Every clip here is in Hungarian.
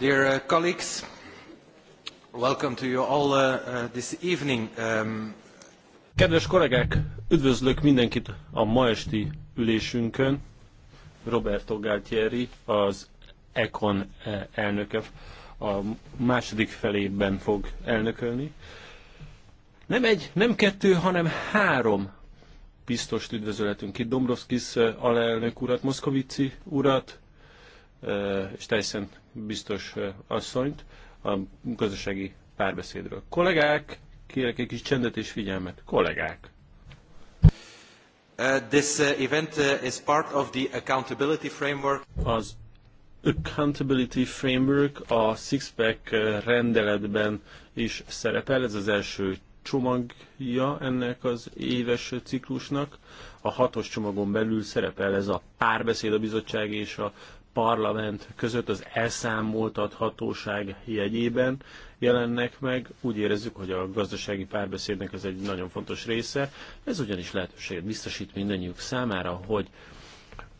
Dear uh, colleagues, welcome to you all uh, uh, this evening. Um... Kedves kollégák, üdvözlök mindenkit a ma esti ülésünkön. Roberto Galtieri, az Econ uh, elnöke a második felében fog elnökölni. Nem egy, nem kettő, hanem három biztos üdvözöletünk itt. Dombrovskis uh, alelnök urat, Moszkovici urat, uh, és teljesen biztos asszonyt a gazdasági párbeszédről. Kollégák, kérek egy kis csendet és figyelmet. Kollégák! Uh, this uh, event uh, is part of the accountability framework. Az Accountability Framework a six-pack uh, rendeletben is szerepel, ez az első csomagja ennek az éves ciklusnak. A hatos csomagon belül szerepel ez a párbeszéd a bizottság és a parlament között az elszámoltathatóság jegyében jelennek meg. Úgy érezzük, hogy a gazdasági párbeszédnek ez egy nagyon fontos része. Ez ugyanis lehetőséget biztosít mindannyiuk számára, hogy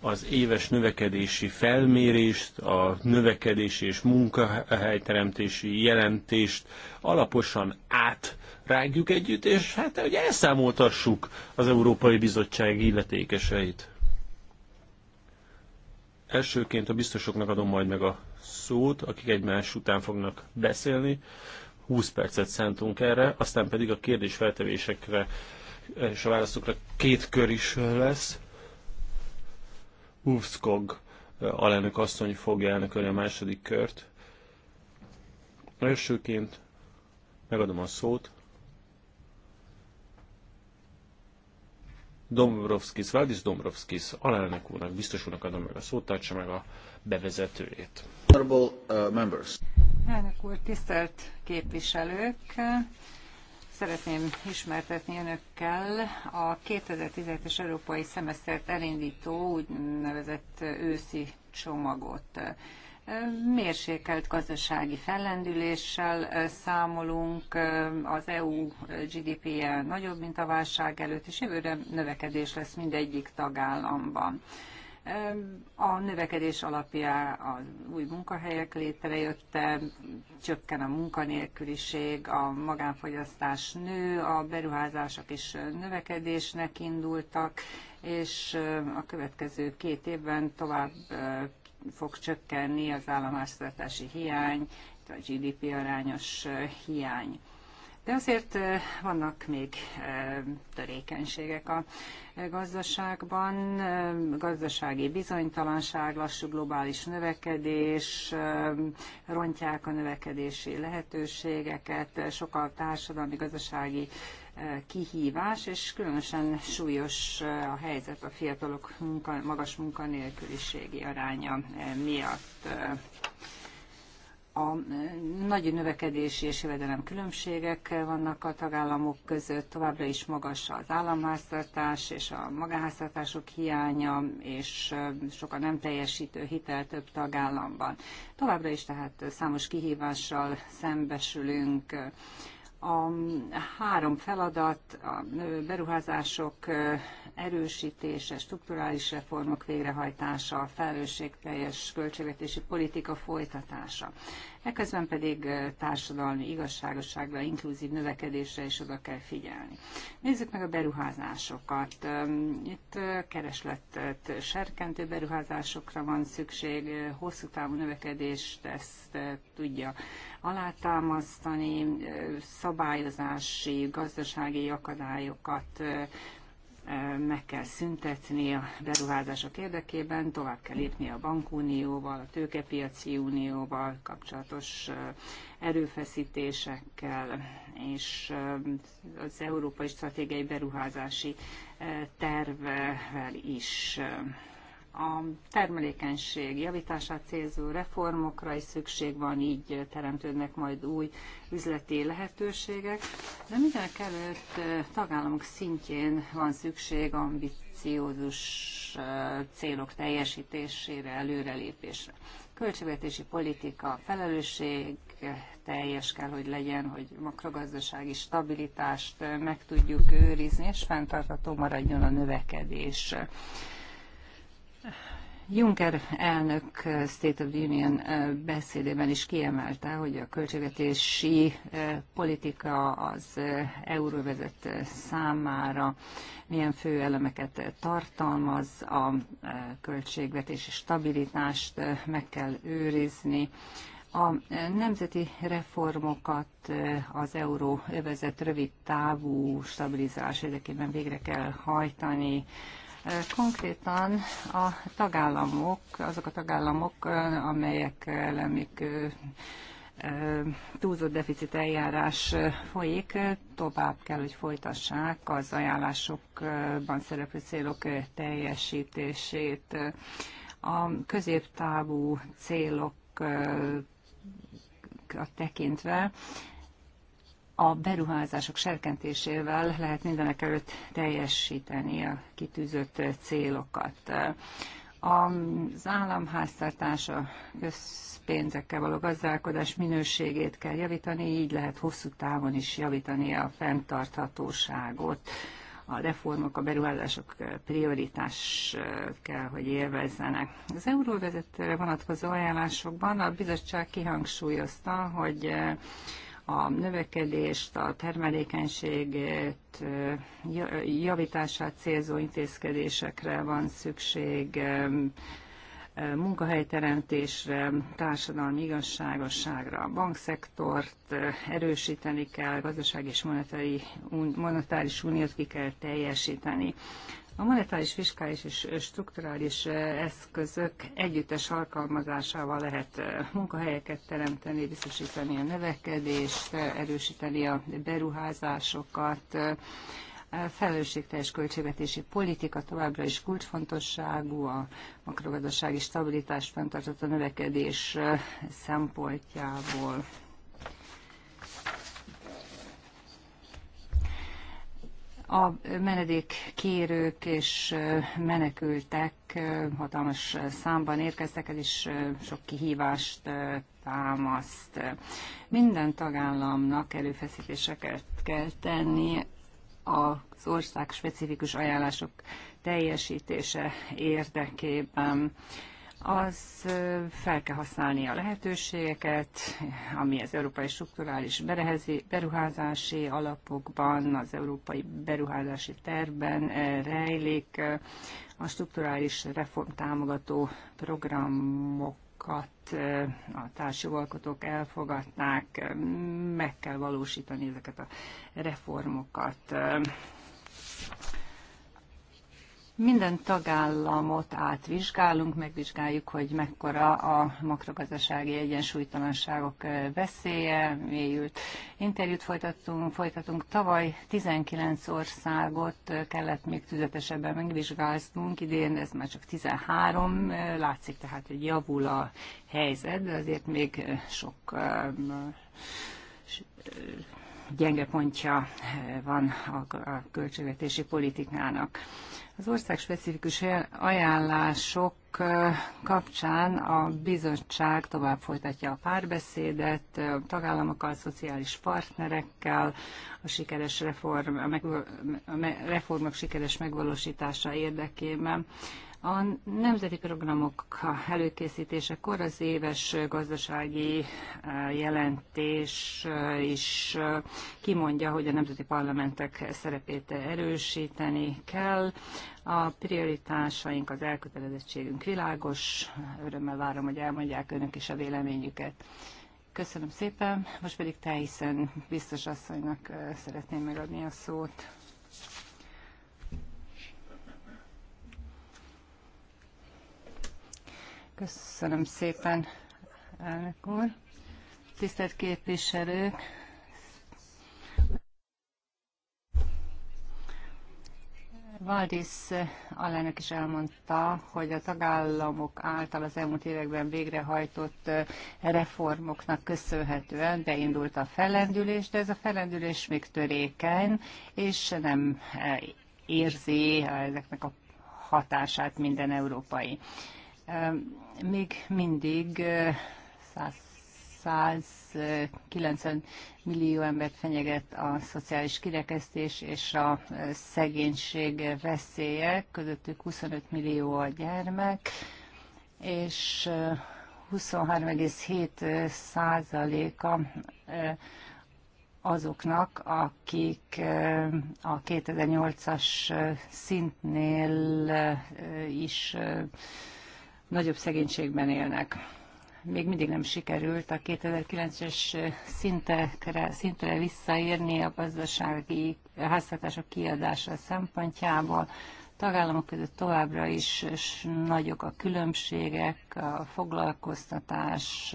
az éves növekedési felmérést, a növekedési és munkahelyteremtési jelentést alaposan átrágjuk együtt, és hát hogy elszámoltassuk az Európai Bizottság illetékeseit. Elsőként a biztosoknak adom majd meg a szót, akik egymás után fognak beszélni. 20 percet szántunk erre, aztán pedig a kérdésfeltevésekre és a válaszokra két kör is lesz. Uvskog eh, alelnök asszony fogja elnökölni a második kört. Elsőként megadom a szót Dombrovskis, Valdis Dombrovskis alelnök úrnak, biztos úrnak adom meg a szót, tartsa meg a bevezetőjét. Uh, members. Elnök úr, tisztelt képviselők! Szeretném ismertetni önökkel a 2017-es európai szemesztert elindító úgynevezett őszi csomagot mérsékelt gazdasági fellendüléssel számolunk, az EU GDP-je nagyobb, mint a válság előtt, és jövőre növekedés lesz mindegyik tagállamban. A növekedés alapja az új munkahelyek létrejötte, csökken a munkanélküliség, a magánfogyasztás nő, a beruházások is növekedésnek indultak, és a következő két évben tovább fog csökkenni az államháztartási hiány, a GDP arányos hiány. De azért vannak még törékenységek a gazdaságban, gazdasági bizonytalanság, lassú globális növekedés, rontják a növekedési lehetőségeket, sok a társadalmi gazdasági kihívás, és különösen súlyos a helyzet a fiatalok munka, magas munkanélküliségi aránya miatt. A nagy növekedési és jövedelem különbségek vannak a tagállamok között, továbbra is magas az államháztartás és a magáháztartások hiánya, és sokan nem teljesítő hitel több tagállamban. Továbbra is tehát számos kihívással szembesülünk a három feladat, a beruházások erősítése, strukturális reformok végrehajtása, a felelősségteljes költségvetési politika folytatása. Ekközben pedig társadalmi igazságosságra, inkluzív növekedésre is oda kell figyelni. Nézzük meg a beruházásokat. Itt keresletet serkentő beruházásokra van szükség, hosszú távú növekedést ezt tudja alátámasztani, szabályozási, gazdasági akadályokat meg kell szüntetni a beruházások érdekében, tovább kell lépni a bankunióval, a tőkepiaci unióval kapcsolatos erőfeszítésekkel, és az Európai Stratégiai Beruházási Tervvel is a termelékenység javítását célzó reformokra is szükség van, így teremtődnek majd új üzleti lehetőségek, de mindenek előtt tagállamok szintjén van szükség ambiciózus célok teljesítésére, előrelépésre. Költségvetési politika felelősség teljes kell, hogy legyen, hogy makrogazdasági stabilitást meg tudjuk őrizni, és fenntartható maradjon a növekedés Juncker elnök eh, State of the Union eh, beszédében is kiemelte, hogy a költségvetési eh, politika az euróvezet számára milyen fő elemeket tartalmaz, a költségvetési stabilitást meg kell őrizni, a nemzeti reformokat az euróvezet rövid távú stabilizálás érdekében végre kell hajtani, Konkrétan a tagállamok, azok a tagállamok, amelyek lemik túlzott deficit eljárás folyik, tovább kell, hogy folytassák az ajánlásokban szereplő célok teljesítését. A középtávú célok tekintve a beruházások serkentésével lehet mindenek előtt teljesíteni a kitűzött célokat. Az államháztartás a közpénzekkel való gazdálkodás minőségét kell javítani, így lehet hosszú távon is javítani a fenntarthatóságot. A reformok, a beruházások prioritás kell, hogy élvezzenek. Az euróvezetőre vonatkozó ajánlásokban a bizottság kihangsúlyozta, hogy a növekedést, a termelékenységet, javítását célzó intézkedésekre van szükség, munkahelyteremtésre, társadalmi igazságosságra, a bankszektort erősíteni kell, gazdaság és monetári, monetáris uniót ki kell teljesíteni. A monetáris, fiskális és strukturális eszközök együttes alkalmazásával lehet munkahelyeket teremteni, biztosítani a növekedést, erősíteni a beruházásokat, felelősségteljes költségvetési politika továbbra is kulcsfontosságú, a makrogazdasági stabilitást fenntartott a növekedés szempontjából. A menedékkérők és menekültek hatalmas számban érkeztek, ez is sok kihívást támaszt. Minden tagállamnak előfeszítéseket kell tenni az ország specifikus ajánlások teljesítése érdekében az fel kell használni a lehetőségeket, ami az Európai Strukturális Beruházási Alapokban, az Európai Beruházási Tervben rejlik, a strukturális reform támogató programokat a társjogalkotók elfogadták, meg kell valósítani ezeket a reformokat. Minden tagállamot átvizsgálunk, megvizsgáljuk, hogy mekkora a makrogazdasági egyensúlytalanságok veszélye, mélyült interjút folytatunk, folytatunk. Tavaly 19 országot kellett még tüzetesebben megvizsgáltunk, idén ez már csak 13, látszik tehát, hogy javul a helyzet, de azért még sok gyenge pontja van a költségvetési politikának. Az ország specifikus ajánlások kapcsán a bizottság tovább folytatja a párbeszédet a tagállamokkal, a szociális partnerekkel, a sikeres reform, a, meg, a reformok sikeres megvalósítása érdekében. A nemzeti programok előkészítésekor az éves gazdasági eh, jelentés eh, is eh, kimondja, hogy a nemzeti parlamentek szerepét erősíteni kell. A prioritásaink, az elkötelezettségünk világos. Örömmel várom, hogy elmondják önök is a véleményüket. Köszönöm szépen, most pedig hiszen biztos asszonynak szeretném megadni a szót. Köszönöm szépen, elnök úr. Tisztelt képviselők! Valdis alelnök is elmondta, hogy a tagállamok által az elmúlt években végrehajtott eh, reformoknak köszönhetően beindult a fellendülés, de ez a fellendülés még törékeny, és nem eh, érzi eh, ezeknek a hatását minden európai még mindig 190 millió embert fenyeget a szociális kirekesztés és a szegénység veszélye, közöttük 25 millió a gyermek, és 23,7 százaléka azoknak, akik a 2008-as szintnél is nagyobb szegénységben élnek. Még mindig nem sikerült a 2009-es szintekre, szintre visszaérni a gazdasági háztartások kiadása szempontjából. Tagállamok között továbbra is nagyok a különbségek, a foglalkoztatás,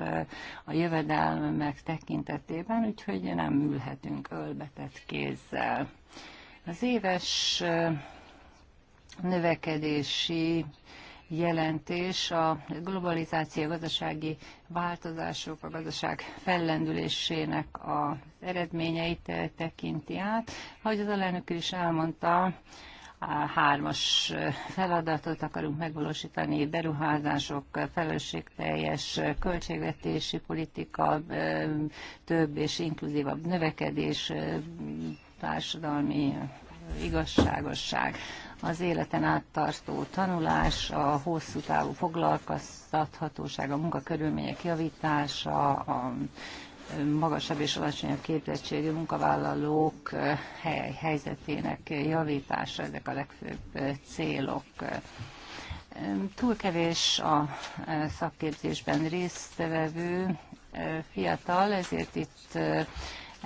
a jövedelmek tekintetében, úgyhogy nem ülhetünk ölbetett kézzel. Az éves növekedési jelentés a globalizáció gazdasági változások, a gazdaság fellendülésének az eredményeit tekinti át. Ahogy az alelnök is elmondta, a hármas feladatot akarunk megvalósítani, beruházások, felelősségteljes költségvetési politika, több és inkluzívabb növekedés, társadalmi igazságosság az életen át tanulás, a hosszú távú foglalkoztathatóság, a munkakörülmények javítása, a magasabb és alacsonyabb képzettségű munkavállalók eh, helyzetének javítása, ezek a legfőbb eh, célok. Túl kevés a eh, szakképzésben résztvevő fiatal, ezért itt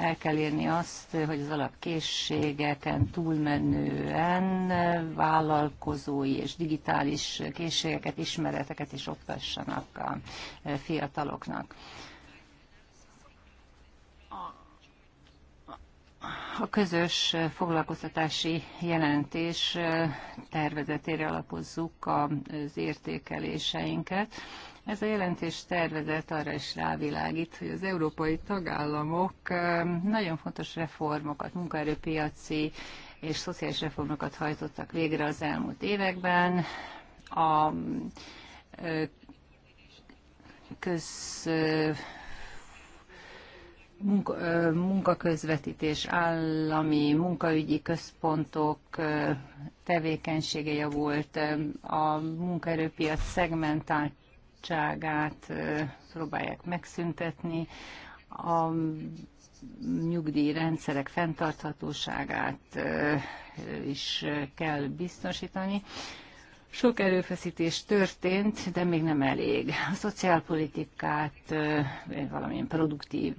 el kell érni azt, hogy az alapkészségeken túlmenően vállalkozói és digitális készségeket, ismereteket is oktassanak a fiataloknak. A közös foglalkoztatási jelentés tervezetére alapozzuk az értékeléseinket. Ez a jelentés tervezet arra is rávilágít, hogy az európai tagállamok nagyon fontos reformokat, munkaerőpiaci és szociális reformokat hajtottak végre az elmúlt években. A köz munka, munkaközvetítés, állami munkaügyi központok tevékenysége javult, a munkaerőpiac szegmentált szabadságát próbálják megszüntetni, a nyugdíjrendszerek fenntarthatóságát is kell biztosítani, sok erőfeszítés történt, de még nem elég. A szociálpolitikát valamilyen produktív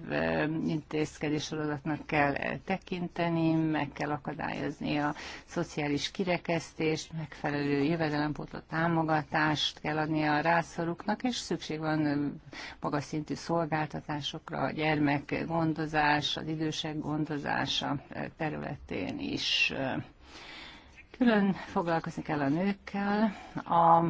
intézkedés sorozatnak kell tekinteni, meg kell akadályozni a szociális kirekesztést, megfelelő jövedelempótló támogatást kell adni a rászoruknak, és szükség van magas szintű szolgáltatásokra, a gyermek gondozás, az idősek gondozása területén is. Külön foglalkozni kell a nőkkel, a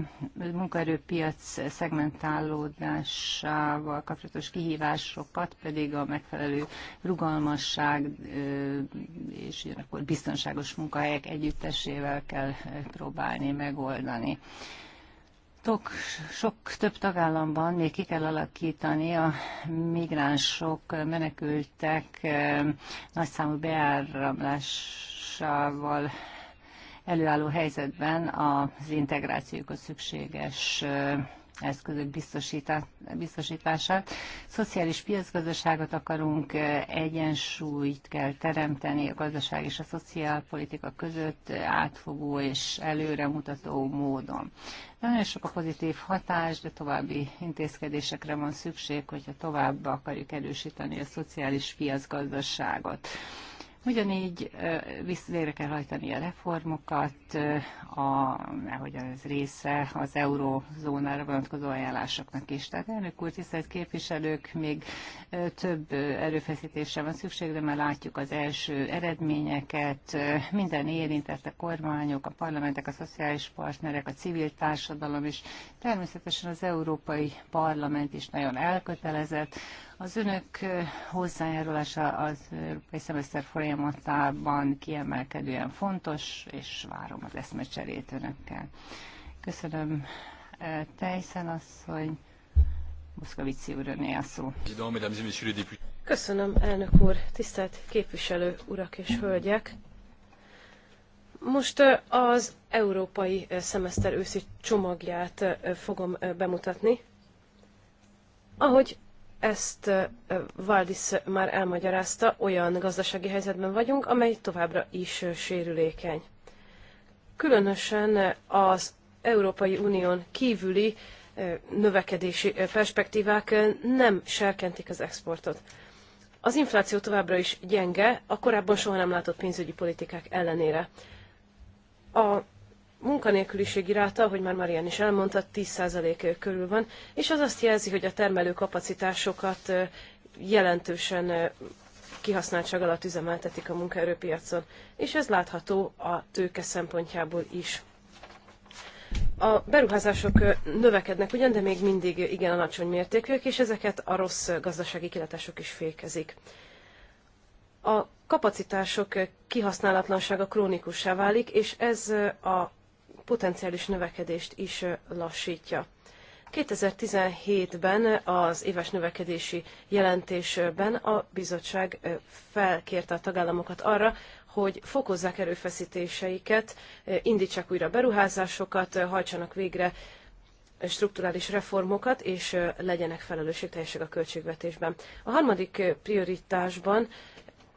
munkaerőpiac szegmentálódásával kapcsolatos kihívásokat pedig a megfelelő rugalmasság és ugyanakkor biztonságos munkahelyek együttesével kell próbálni megoldani. Tok, sok több tagállamban még ki kell alakítani a migránsok, menekültek nagyszámú beáramlásával előálló helyzetben az integrációkhoz szükséges eszközök biztosítását. Szociális piacgazdaságot akarunk, egyensúlyt kell teremteni a gazdaság és a szociálpolitika között átfogó és előremutató módon. De nagyon sok a pozitív hatás, de további intézkedésekre van szükség, hogyha tovább akarjuk erősíteni a szociális piacgazdaságot. Ugyanígy végre kell hajtani a reformokat, a, hogy az része az eurózónára vonatkozó ajánlásoknak is. Tehát elnök úr, tisztelt képviselők, még több erőfeszítésre van szükség, de már látjuk az első eredményeket. Minden érintett a kormányok, a parlamentek, a szociális partnerek, a civil társadalom is. Természetesen az Európai Parlament is nagyon elkötelezett az önök hozzájárulása az európai szemeszter folyamatában kiemelkedően fontos, és várom az eszmecserét önökkel. Köszönöm Tejszen asszony, Moszkavici úr, öné a szó. Köszönöm, elnök úr, tisztelt képviselő urak és hölgyek! Most az európai szemeszter őszi csomagját fogom bemutatni. Ahogy ezt Valdis már elmagyarázta, olyan gazdasági helyzetben vagyunk, amely továbbra is sérülékeny. Különösen az Európai Unión kívüli növekedési perspektívák nem serkentik az exportot. Az infláció továbbra is gyenge, a korábban soha nem látott pénzügyi politikák ellenére. A munkanélküliségi ráta, ahogy már Marian is elmondta, 10% körül van, és az azt jelzi, hogy a termelő kapacitásokat jelentősen kihasználtság alatt üzemeltetik a munkaerőpiacon, és ez látható a tőke szempontjából is. A beruházások növekednek ugyan, de még mindig igen alacsony mértékűek, és ezeket a rossz gazdasági kilátások is fékezik. A kapacitások kihasználatlansága krónikussá válik, és ez a potenciális növekedést is lassítja. 2017-ben az éves növekedési jelentésben a bizottság felkérte a tagállamokat arra, hogy fokozzák erőfeszítéseiket, indítsák újra beruházásokat, hajtsanak végre strukturális reformokat, és legyenek felelősségteljesek a költségvetésben. A harmadik prioritásban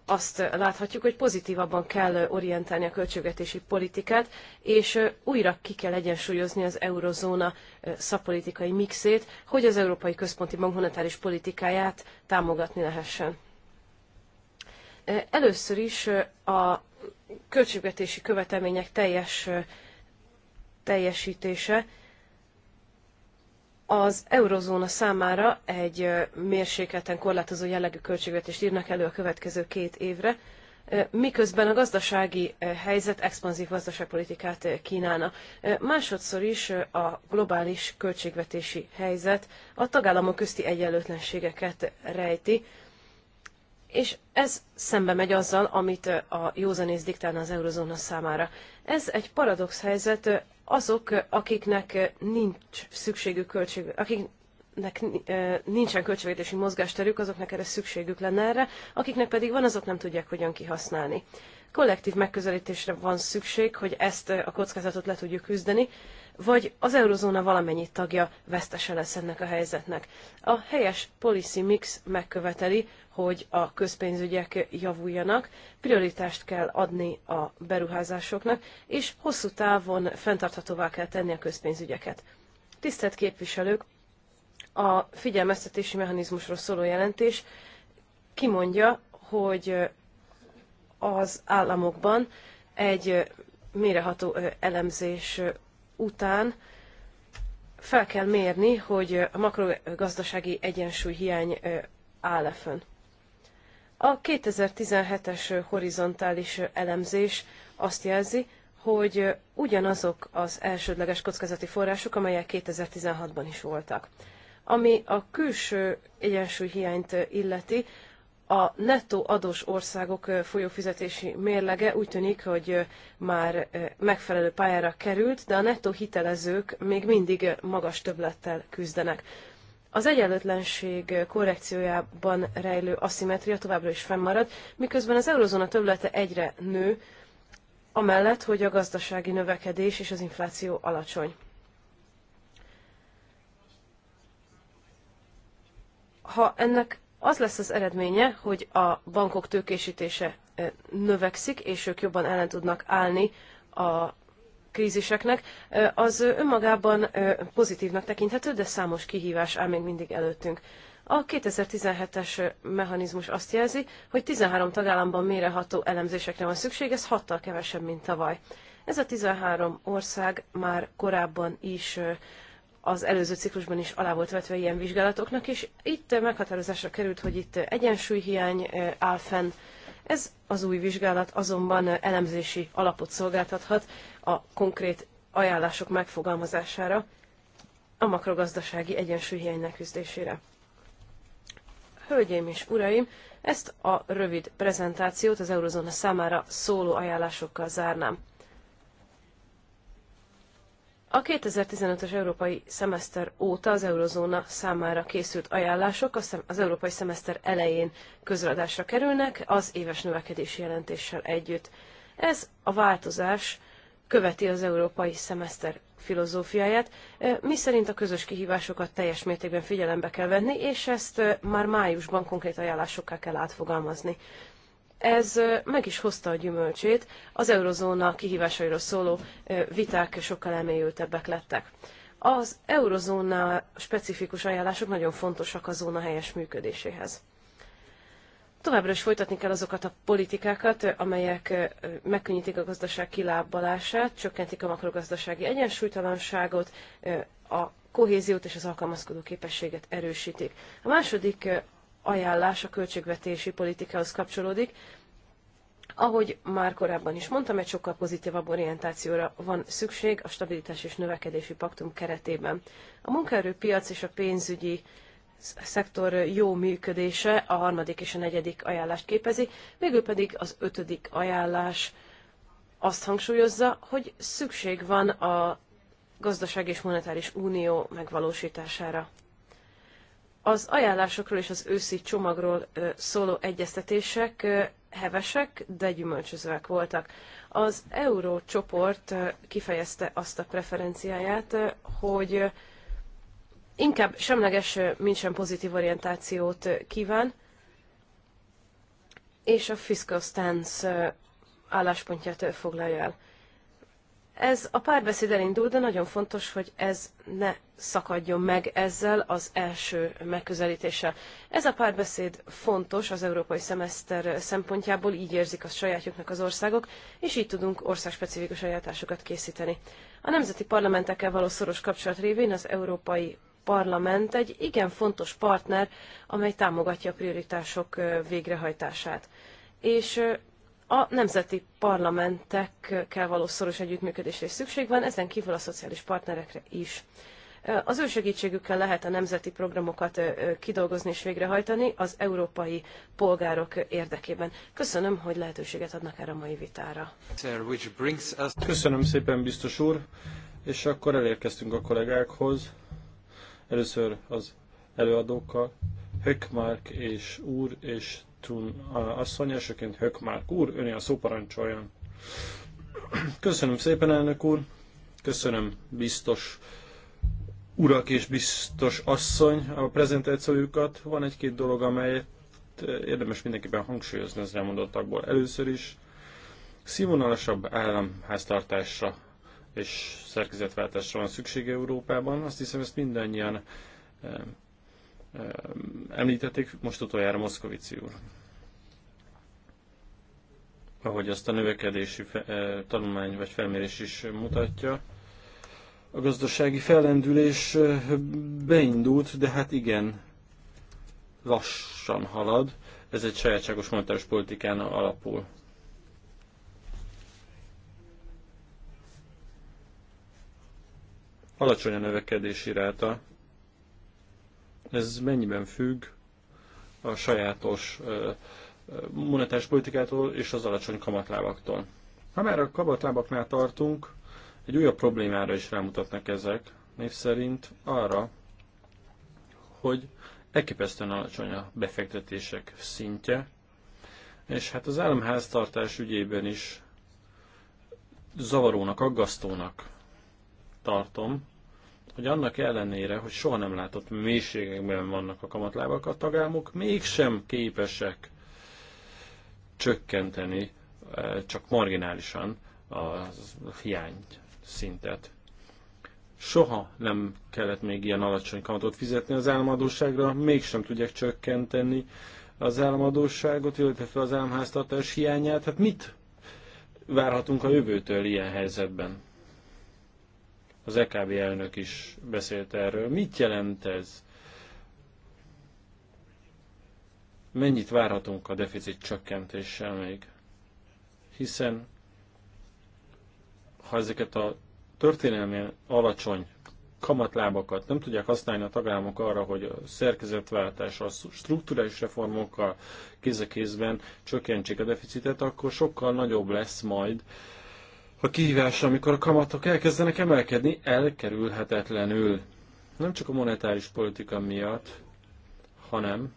azt láthatjuk, hogy pozitívabban kell orientálni a költségvetési politikát, és újra ki kell egyensúlyozni az eurozóna szakpolitikai mixét, hogy az Európai Központi Bank monetáris politikáját támogatni lehessen. Először is a költségvetési követelmények teljes teljesítése az eurozóna számára egy mérsékelten korlátozó jellegű költségvetést írnak elő a következő két évre, miközben a gazdasági helyzet expanzív gazdaságpolitikát kínálna. Másodszor is a globális költségvetési helyzet a tagállamok közti egyenlőtlenségeket rejti, és ez szembe megy azzal, amit a józanész diktálna az eurozóna számára. Ez egy paradox helyzet azok, akiknek nincs szükségük költség, akiknek nincsen költségvetési mozgásterük, azoknak erre szükségük lenne erre, akiknek pedig van, azok nem tudják hogyan kihasználni. Kollektív megközelítésre van szükség, hogy ezt a kockázatot le tudjuk küzdeni, vagy az eurozóna valamennyi tagja vesztese lesz ennek a helyzetnek. A helyes policy mix megköveteli, hogy a közpénzügyek javuljanak, prioritást kell adni a beruházásoknak, és hosszú távon fenntarthatóvá kell tenni a közpénzügyeket. Tisztelt képviselők, a figyelmeztetési mechanizmusról szóló jelentés kimondja, hogy az államokban egy méreható elemzés után fel kell mérni, hogy a makrogazdasági egyensúly hiány áll-e fönn. A 2017-es horizontális elemzés azt jelzi, hogy ugyanazok az elsődleges kockázati források, amelyek 2016-ban is voltak. Ami a külső egyensúlyhiányt illeti, a nettó adós országok folyófizetési mérlege úgy tűnik, hogy már megfelelő pályára került, de a nettó hitelezők még mindig magas többlettel küzdenek. Az egyenlőtlenség korrekciójában rejlő aszimetria továbbra is fennmarad, miközben az eurozóna többlete egyre nő, amellett, hogy a gazdasági növekedés és az infláció alacsony. Ha ennek az lesz az eredménye, hogy a bankok tőkésítése eh, növekszik, és ők jobban ellen tudnak állni a kríziseknek, eh, az önmagában eh, pozitívnak tekinthető, de számos kihívás áll még mindig előttünk. A 2017-es mechanizmus azt jelzi, hogy 13 tagállamban méreható elemzésekre van szükség, ez 6-tal kevesebb, mint tavaly. Ez a 13 ország már korábban is az előző ciklusban is alá volt vetve ilyen vizsgálatoknak, és itt meghatározásra került, hogy itt egyensúlyhiány áll fenn. Ez az új vizsgálat azonban elemzési alapot szolgáltathat a konkrét ajánlások megfogalmazására, a makrogazdasági egyensúlyhiány leküzdésére. Hölgyeim és uraim, ezt a rövid prezentációt az Eurozóna számára szóló ajánlásokkal zárnám. A 2015-ös európai szemeszter óta az eurozóna számára készült ajánlások az európai szemeszter elején közradásra kerülnek, az éves növekedési jelentéssel együtt. Ez a változás követi az európai szemeszter filozófiáját, miszerint a közös kihívásokat teljes mértékben figyelembe kell venni, és ezt már májusban konkrét ajánlásokká kell átfogalmazni ez meg is hozta a gyümölcsét, az eurozóna kihívásairól szóló viták sokkal elmélyültebbek lettek. Az eurozóna specifikus ajánlások nagyon fontosak a zóna helyes működéséhez. Továbbra is folytatni kell azokat a politikákat, amelyek megkönnyítik a gazdaság kilábalását, csökkentik a makrogazdasági egyensúlytalanságot, a kohéziót és az alkalmazkodó képességet erősítik. A második ajánlás a költségvetési politikához kapcsolódik. Ahogy már korábban is mondtam, egy sokkal pozitívabb orientációra van szükség a stabilitás és növekedési paktum keretében. A munkaerőpiac és a pénzügyi szektor jó működése a harmadik és a negyedik ajánlást képezi, végül pedig az ötödik ajánlás azt hangsúlyozza, hogy szükség van a gazdaság és monetáris unió megvalósítására. Az ajánlásokról és az őszi csomagról szóló egyeztetések hevesek, de gyümölcsözőek voltak. Az eurócsoport kifejezte azt a preferenciáját, hogy inkább semleges, mint sem pozitív orientációt kíván, és a fiscal stance álláspontját foglalja el. Ez a párbeszéd elindul, de nagyon fontos, hogy ez ne szakadjon meg ezzel az első megközelítéssel. Ez a párbeszéd fontos az európai szemeszter szempontjából, így érzik a sajátjuknak az országok, és így tudunk országspecifikus ajánlásokat készíteni. A nemzeti parlamentekkel való szoros kapcsolat révén az Európai Parlament egy igen fontos partner, amely támogatja a prioritások végrehajtását. És a nemzeti parlamentekkel való szoros együttműködésre is szükség van, ezen kívül a szociális partnerekre is. Az ő segítségükkel lehet a nemzeti programokat kidolgozni és végrehajtani az európai polgárok érdekében. Köszönöm, hogy lehetőséget adnak erre a mai vitára. Köszönöm szépen, biztos úr, és akkor elérkeztünk a kollégákhoz. Először az előadókkal, Höckmark és úr és Tun asszony, elsőként Hökmárk úr, öné a szóparancsoljon. Köszönöm szépen, elnök úr, köszönöm biztos urak és biztos asszony a prezentációjukat. Van egy-két dolog, amelyet érdemes mindenképpen hangsúlyozni az elmondottakból. Először is színvonalasabb államháztartásra és szerkezetváltásra van szükség Európában. Azt hiszem, ezt mindannyian eh, említették, most utoljára Moszkovici úr. Ahogy azt a növekedési e, tanulmány vagy felmérés is mutatja, a gazdasági fellendülés e, beindult, de hát igen, lassan halad. Ez egy sajátságos monetáris politikán alapul. Alacsony a növekedési ráta, ez mennyiben függ a sajátos monetáris politikától és az alacsony kamatlábaktól. Ha már a kamatlábaknál tartunk, egy újabb problémára is rámutatnak ezek, név szerint arra, hogy elképesztően alacsony a befektetések szintje, és hát az államháztartás ügyében is zavarónak, aggasztónak tartom, hogy annak ellenére, hogy soha nem látott mélységekben vannak a kamatlábak a tagállamok, mégsem képesek csökkenteni eh, csak marginálisan a hiány szintet. Soha nem kellett még ilyen alacsony kamatot fizetni az államadóságra, mégsem tudják csökkenteni az államadóságot, illetve az államháztartás hiányát. Hát mit várhatunk a jövőtől ilyen helyzetben? Az EKB elnök is beszélt erről. Mit jelent ez? Mennyit várhatunk a deficit csökkentéssel még? Hiszen ha ezeket a történelmi alacsony kamatlábakat nem tudják használni a tagállamok arra, hogy a a strukturális reformokkal kéz a kézben csökkentsék a deficitet, akkor sokkal nagyobb lesz majd a kihívás, amikor a kamatok elkezdenek emelkedni, elkerülhetetlenül. Nem csak a monetáris politika miatt, hanem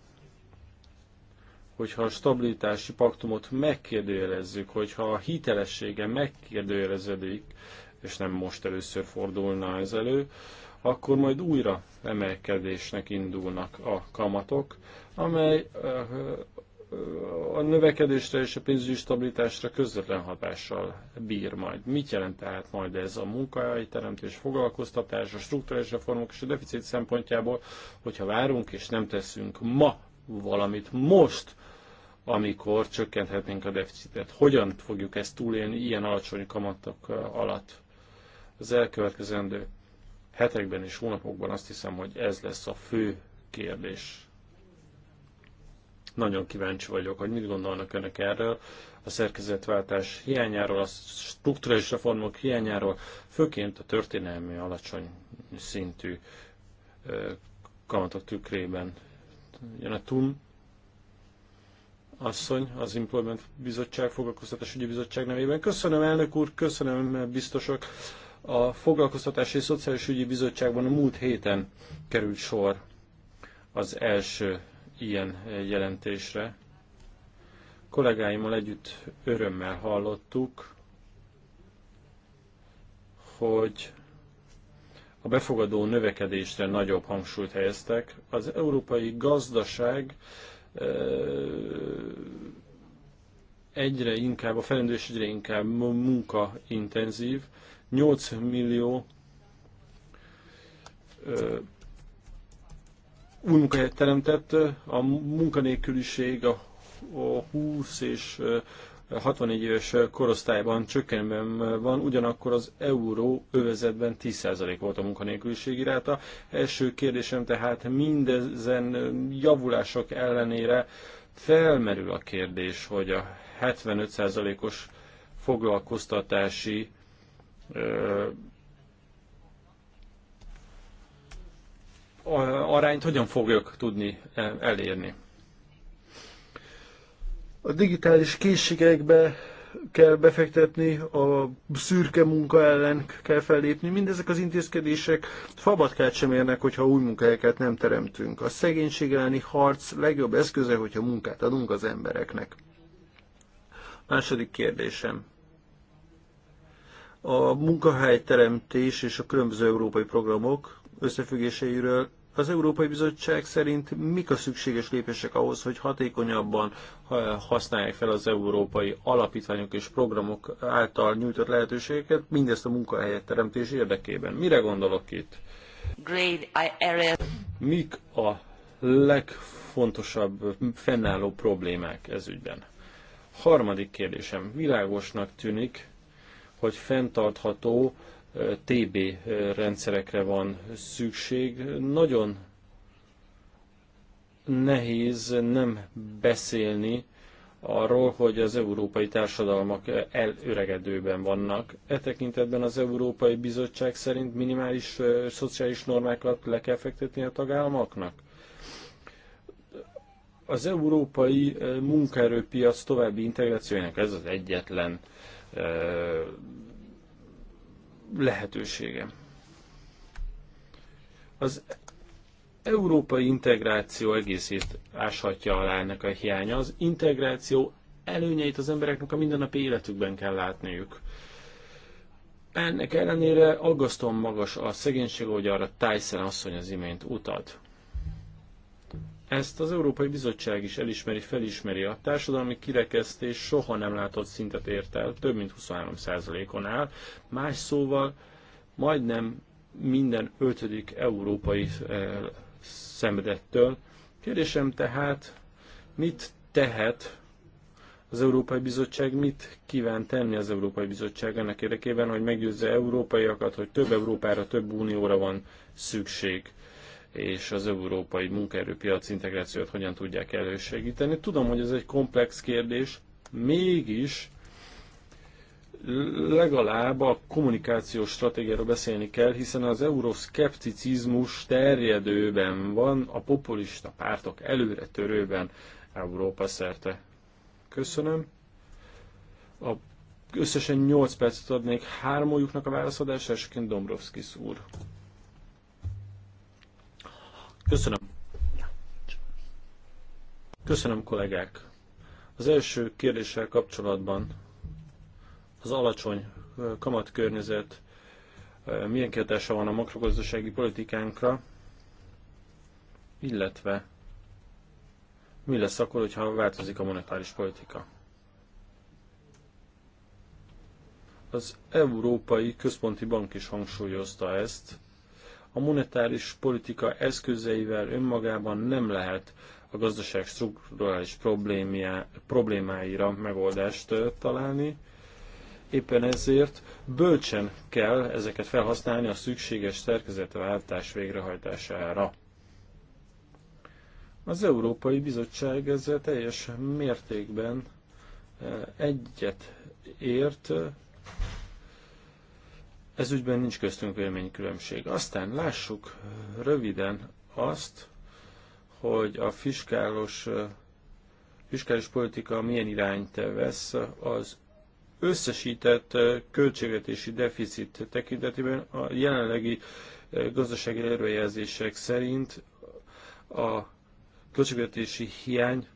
hogyha a stabilitási paktumot megkérdőjelezzük, hogyha a hitelessége megkérdőjeleződik, és nem most először fordulna ez elő, akkor majd újra emelkedésnek indulnak a kamatok, amely eh, a növekedésre és a pénzügyi stabilitásra közvetlen hatással bír majd. Mit jelent tehát majd ez a munkahelyteremtés, foglalkoztatás, a struktúrális reformok és a deficit szempontjából, hogyha várunk és nem teszünk ma valamit most, amikor csökkenthetnénk a deficitet. Hogyan fogjuk ezt túlélni ilyen alacsony kamatok alatt? Az elkövetkezendő hetekben és hónapokban azt hiszem, hogy ez lesz a fő kérdés nagyon kíváncsi vagyok, hogy mit gondolnak önök erről, a szerkezetváltás hiányáról, a strukturális reformok hiányáról, főként a történelmi alacsony szintű kamatok tükrében. Jön a TUM asszony, az Employment Bizottság, Foglalkoztatásügyi Bizottság nevében. Köszönöm, elnök úr, köszönöm, biztosok. A Foglalkoztatási és Szociális Ügyi Bizottságban a múlt héten került sor az első ilyen eh, jelentésre. Kollégáimmal együtt örömmel hallottuk, hogy a befogadó növekedésre nagyobb hangsúlyt helyeztek. Az európai gazdaság eh, egyre inkább, a felendős egyre inkább munkaintenzív. 8 millió eh, új munkahelyet teremtett, a munkanélküliség a 20 és 64 éves korosztályban csökkenőben van, ugyanakkor az euró övezetben 10% volt a munkanélküliség iráta. Első kérdésem tehát mindezen javulások ellenére felmerül a kérdés, hogy a 75%-os foglalkoztatási arányt hogyan fogjuk tudni e, elérni. A digitális készségekbe kell befektetni, a szürke munka ellen kell fellépni. Mindezek az intézkedések fabatkát sem érnek, hogyha új munkahelyeket nem teremtünk. A szegénység elleni harc legjobb eszköze, hogyha munkát adunk az embereknek. Második kérdésem. A munkahelyteremtés és a különböző európai programok összefüggéseiről. Az Európai Bizottság szerint mik a szükséges lépések ahhoz, hogy hatékonyabban használják fel az európai alapítványok és programok által nyújtott lehetőségeket, mindezt a munkahelyek teremtés érdekében? Mire gondolok itt? Mik a legfontosabb fennálló problémák ez ügyben? Harmadik kérdésem. Világosnak tűnik, hogy fenntartható TB rendszerekre van szükség. Nagyon nehéz nem beszélni arról, hogy az európai társadalmak elöregedőben vannak. E tekintetben az Európai Bizottság szerint minimális szociális normákat le kell fektetni a tagállamoknak? Az európai munkaerőpiac további integrációjának ez az egyetlen lehetősége. Az európai integráció egészét áshatja alá ennek a hiánya. Az integráció előnyeit az embereknek a mindennapi életükben kell látniuk. Ennek ellenére aggasztóan magas a szegénység, ahogy arra Tyson asszony az imént utalt. Ezt az Európai Bizottság is elismeri, felismeri. A társadalmi kirekesztés soha nem látott szintet ért el, több mint 23%-on áll. Más szóval majdnem minden ötödik európai eh, szenvedettől. Kérdésem tehát, mit tehet az Európai Bizottság, mit kíván tenni az Európai Bizottság ennek érdekében, hogy meggyőzze európaiakat, hogy több Európára, több unióra van szükség és az európai munkaerőpiac integrációt hogyan tudják elősegíteni. Tudom, hogy ez egy komplex kérdés, mégis legalább a kommunikációs stratégiáról beszélni kell, hiszen az euroszkepticizmus terjedőben van, a populista pártok előre törőben Európa szerte. Köszönöm. A összesen 8 percet adnék hármójuknak a válaszadás elsőként Dombrovskis úr. Köszönöm. Köszönöm, kollégák. Az első kérdéssel kapcsolatban az alacsony kamatkörnyezet milyen kihatása van a makrogazdasági politikánkra, illetve mi lesz akkor, hogyha változik a monetáris politika. Az Európai Központi Bank is hangsúlyozta ezt, a monetáris politika eszközeivel önmagában nem lehet a gazdaság strukturális problémáira megoldást találni. Éppen ezért bölcsen kell ezeket felhasználni a szükséges szerkezetváltás végrehajtására. Az Európai Bizottság ezzel teljes mértékben egyet ért, ez ügyben nincs köztünk véleménykülönbség. Aztán lássuk röviden azt, hogy a fiskálos, fiskális politika milyen irányt vesz az összesített költségvetési deficit tekintetében a jelenlegi gazdasági előrejelzések szerint a költségvetési hiány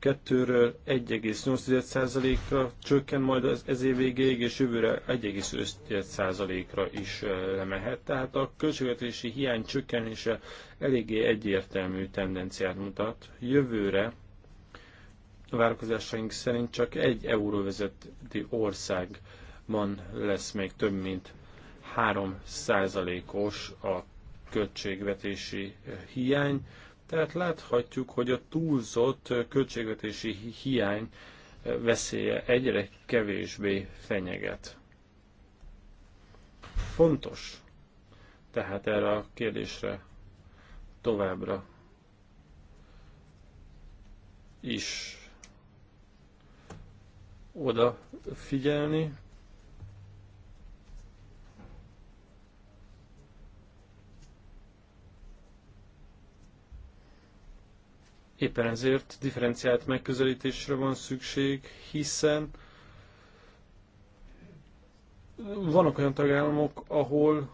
2-ről 1,8%-ra csökken majd az ez év végéig, és jövőre 1,5%-ra is lemehet. Tehát a költségvetési hiány csökkenése eléggé egyértelmű tendenciát mutat. Jövőre a várakozásaink szerint csak egy euróvezeti országban lesz még több mint 3%-os a költségvetési hiány tehát láthatjuk, hogy a túlzott költségvetési hiány eh, veszélye egyre kevésbé fenyeget. Fontos tehát erre a kérdésre továbbra is oda figyelni, Éppen ezért differenciált megközelítésre van szükség, hiszen vannak olyan tagállamok, ahol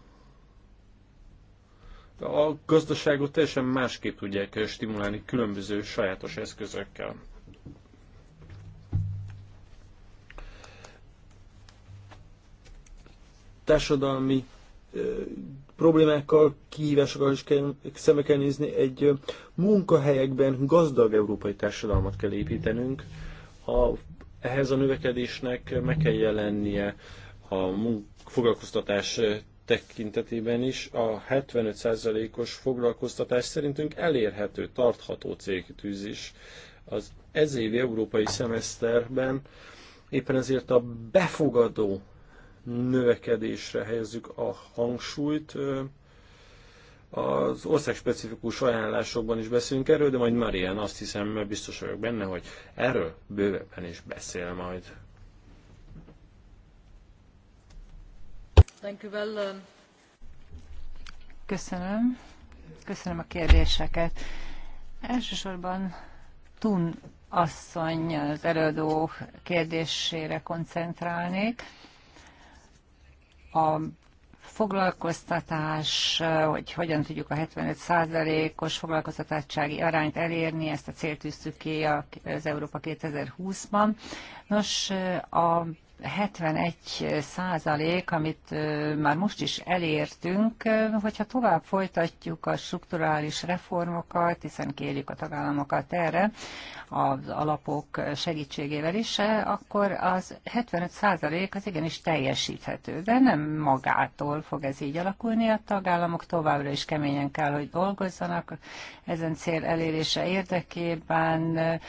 a gazdaságot teljesen másképp tudják stimulálni különböző sajátos eszközökkel. Társadalmi problémákkal, kihívásokkal is kell, szembe kell nézni. Egy munkahelyekben gazdag európai társadalmat kell építenünk. A, ehhez a növekedésnek meg kell jelennie a munk, foglalkoztatás tekintetében is a 75%-os foglalkoztatás szerintünk elérhető, tartható célkitűzés az ezévi európai szemeszterben éppen ezért a befogadó növekedésre helyezzük a hangsúlyt. Az országspecifikus ajánlásokban is beszélünk erről, de majd Marian azt hiszem, mert biztos vagyok benne, hogy erről bővebben is beszél majd. Um, Köszönöm. Köszönöm a kérdéseket. Elsősorban Tun asszony az előadó kérdésére koncentrálnék a foglalkoztatás, hogy hogyan tudjuk a 75%-os foglalkoztatottsági arányt elérni, ezt a célt tűztük ki az Európa 2020-ban. Nos, a 71 százalék, amit már most is elértünk, hogyha tovább folytatjuk a strukturális reformokat, hiszen kérjük a tagállamokat erre, az alapok segítségével is, akkor az 75 százalék az igenis teljesíthető, de nem magától fog ez így alakulni. A tagállamok továbbra is keményen kell, hogy dolgozzanak ezen cél elérése érdekében,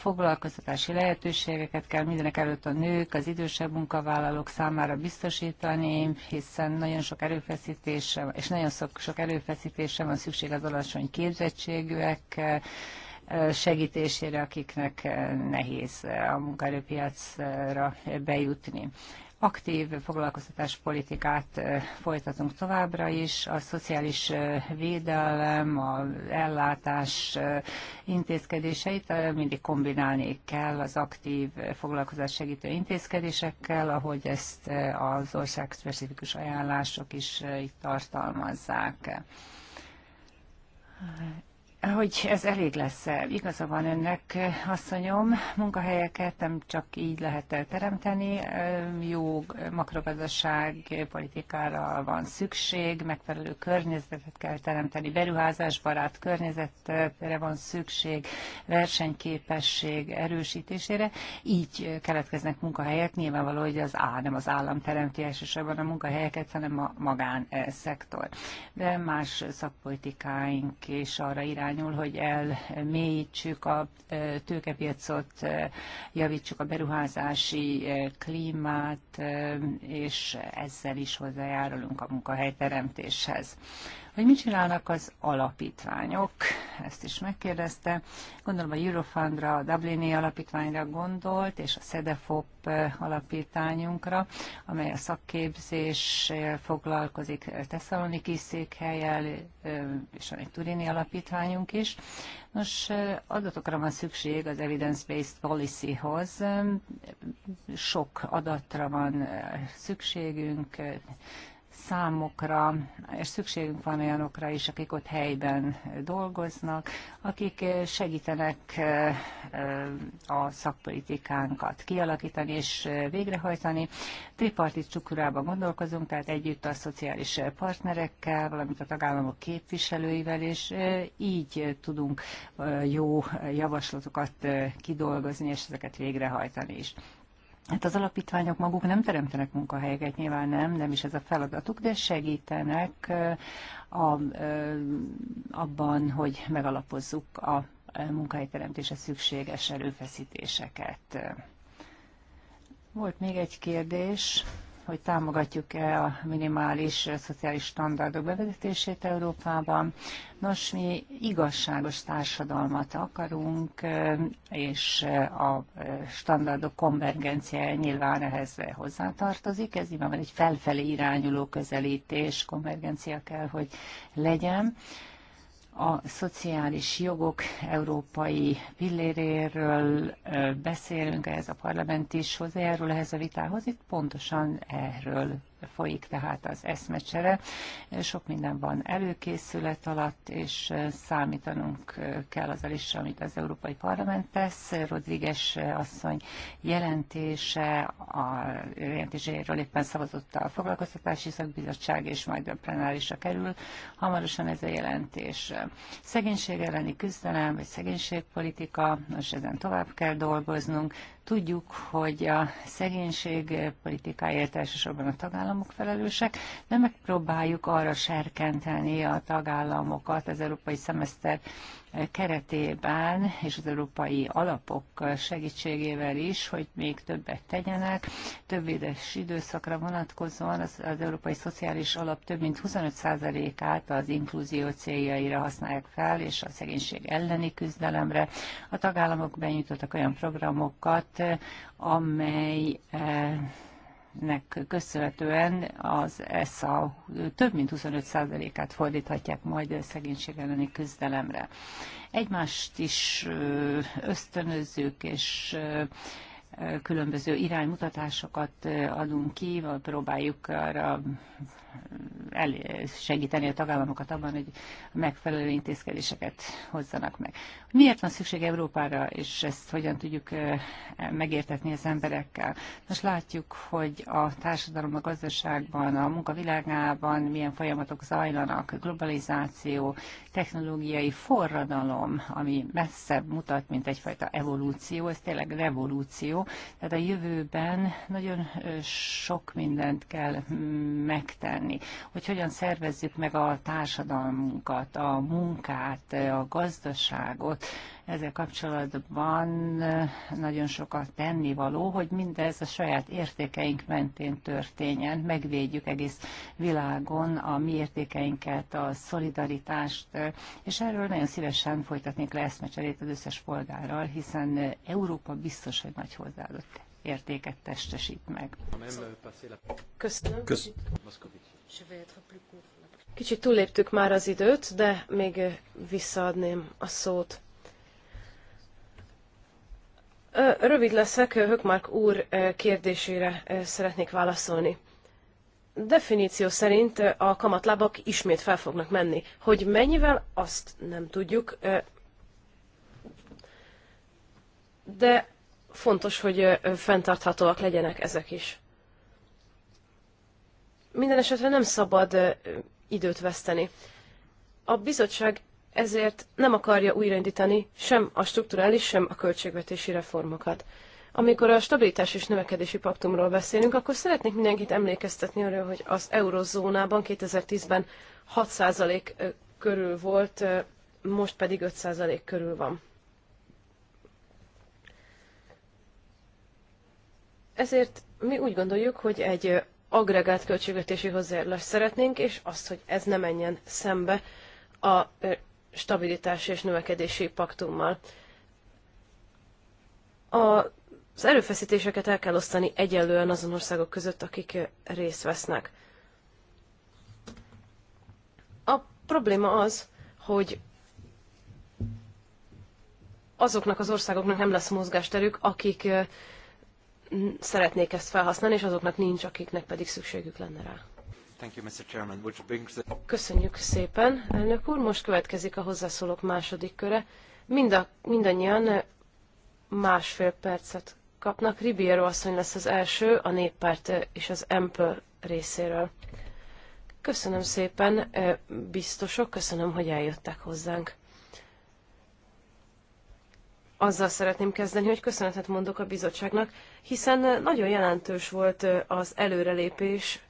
foglalkoztatási lehetőségeket kell mindenek előtt a nők, az idősebb munkavállalók számára biztosítani, hiszen nagyon sok erőfeszítésre, és nagyon sok, sok erőfeszítésre van szükség az alacsony képzettségűek segítésére, akiknek nehéz a munkaerőpiacra bejutni aktív foglalkoztatás politikát folytatunk továbbra is, a szociális védelem, a ellátás intézkedéseit mindig kombinálni kell az aktív foglalkozás segítő intézkedésekkel, ahogy ezt az ország specifikus ajánlások is itt tartalmazzák hogy ez elég lesz-e. Igaza van önnek, asszonyom, munkahelyeket nem csak így lehet teremteni, jó makrogazdaság politikára van szükség, megfelelő környezetet kell teremteni, beruházásbarát környezetre van szükség, versenyképesség erősítésére, így keletkeznek munkahelyek, nyilvánvaló, hogy az á, nem az állam teremti elsősorban a munkahelyeket, hanem a magánszektor. De más szakpolitikáink és arra irány, irányul, hogy elmélyítsük a tőkepiacot, javítsuk a beruházási klímát, és ezzel is hozzájárulunk a munkahelyteremtéshez. Hogy mit csinálnak az alapítványok? Ezt is megkérdezte. Gondolom a Eurofundra, a Dublini alapítványra gondolt, és a SEDEFOP eh, alapítványunkra, amely a szakképzés foglalkozik Tesszaloniki székhelyel, eh, és van egy Turini alapítványunk is. Nos, eh, adatokra van szükség az evidence-based policyhoz. Sok adatra van szükségünk, számokra, és szükségünk van olyanokra is, akik ott helyben dolgoznak, akik segítenek a szakpolitikánkat kialakítani és végrehajtani. Tripartit csukurában gondolkozunk, tehát együtt a szociális partnerekkel, valamint a tagállamok képviselőivel, és így tudunk jó javaslatokat kidolgozni, és ezeket végrehajtani is. Hát az alapítványok maguk nem teremtenek munkahelyeket, nyilván nem, nem is ez a feladatuk, de segítenek a, abban, hogy megalapozzuk a munkahelyteremtése szükséges erőfeszítéseket. Volt még egy kérdés hogy támogatjuk-e a minimális szociális standardok bevezetését Európában. Nos, mi igazságos társadalmat akarunk, és a standardok konvergencia nyilván ehhez hozzátartozik. Ez nyilván egy felfelé irányuló közelítés, konvergencia kell, hogy legyen a szociális jogok európai pilléréről beszélünk, ez a parlament is hozzájárul ehhez a vitához, itt pontosan erről folyik tehát az eszmecsere. Sok minden van előkészület alatt, és számítanunk kell azzal is, amit az Európai Parlament tesz. Rodríguez asszony jelentése, a jelentéséről éppen szavazott a foglalkoztatási szakbizottság, és majd a plenárisra kerül hamarosan ez a jelentés. Szegénység elleni küzdelem, vagy szegénységpolitika, most ezen tovább kell dolgoznunk. Tudjuk, hogy a szegénység politikáért elsősorban a tagállam tagállamok felelősek, de megpróbáljuk arra serkenteni a tagállamokat az európai szemeszter keretében és az európai alapok segítségével is, hogy még többet tegyenek. Több édes időszakra vonatkozóan az, az európai szociális alap több mint 25%-át az inkluzió céljaira használják fel, és a szegénység elleni küzdelemre. A tagállamok benyújtottak olyan programokat, amely eh, nek köszönhetően az ESZA több mint 25%-át fordíthatják majd szegénység elleni küzdelemre. Egymást is ösztönözzük, és különböző iránymutatásokat adunk ki, vagy próbáljuk arra el, segíteni a tagállamokat abban, hogy megfelelő intézkedéseket hozzanak meg. Miért van szükség Európára, és ezt hogyan tudjuk megértetni az emberekkel? Most látjuk, hogy a társadalom, a gazdaságban, a munkavilágában milyen folyamatok zajlanak, globalizáció, technológiai forradalom, ami messzebb mutat, mint egyfajta evolúció, ez tényleg revolúció, tehát a jövőben nagyon sok mindent kell megtenni tenni, hogy hogyan szervezzük meg a társadalmunkat, a munkát, a gazdaságot. Ezzel kapcsolatban nagyon sokat tennivaló, hogy mindez a saját értékeink mentén történjen, megvédjük egész világon a mi értékeinket, a szolidaritást, és erről nagyon szívesen folytatnék le eszmecserét az összes polgárral, hiszen Európa biztos, hogy nagy hozzáadott értéket testesít meg. Köszönöm. Köszönöm. Kicsit túlléptük már az időt, de még visszaadném a szót. Rövid leszek, Hökmark úr kérdésére szeretnék válaszolni. Definíció szerint a kamatlábak ismét fel fognak menni. Hogy mennyivel, azt nem tudjuk. De fontos, hogy fenntarthatóak legyenek ezek is. Minden esetre nem szabad időt veszteni. A bizottság ezért nem akarja újraindítani sem a strukturális, sem a költségvetési reformokat. Amikor a stabilitás és növekedési paktumról beszélünk, akkor szeretnék mindenkit emlékeztetni arra, hogy az eurozónában 2010-ben 6% körül volt, most pedig 5% körül van. Ezért mi úgy gondoljuk, hogy egy agregált költségvetési hozzájárulást szeretnénk, és azt, hogy ez ne menjen szembe a stabilitási és növekedési paktummal. A az erőfeszítéseket el kell osztani egyenlően azon országok között, akik részt vesznek. A probléma az, hogy azoknak az országoknak nem lesz mozgásterük, akik szeretnék ezt felhasználni, és azoknak nincs, akiknek pedig szükségük lenne rá. Köszönjük szépen, elnök úr. Most következik a hozzászólók második köre. Mind a, mindannyian másfél percet kapnak. Ribiero asszony lesz az első, a néppárt és az Ample részéről. Köszönöm szépen, biztosok, köszönöm, hogy eljöttek hozzánk azzal szeretném kezdeni, hogy köszönetet mondok a bizottságnak, hiszen nagyon jelentős volt az előrelépés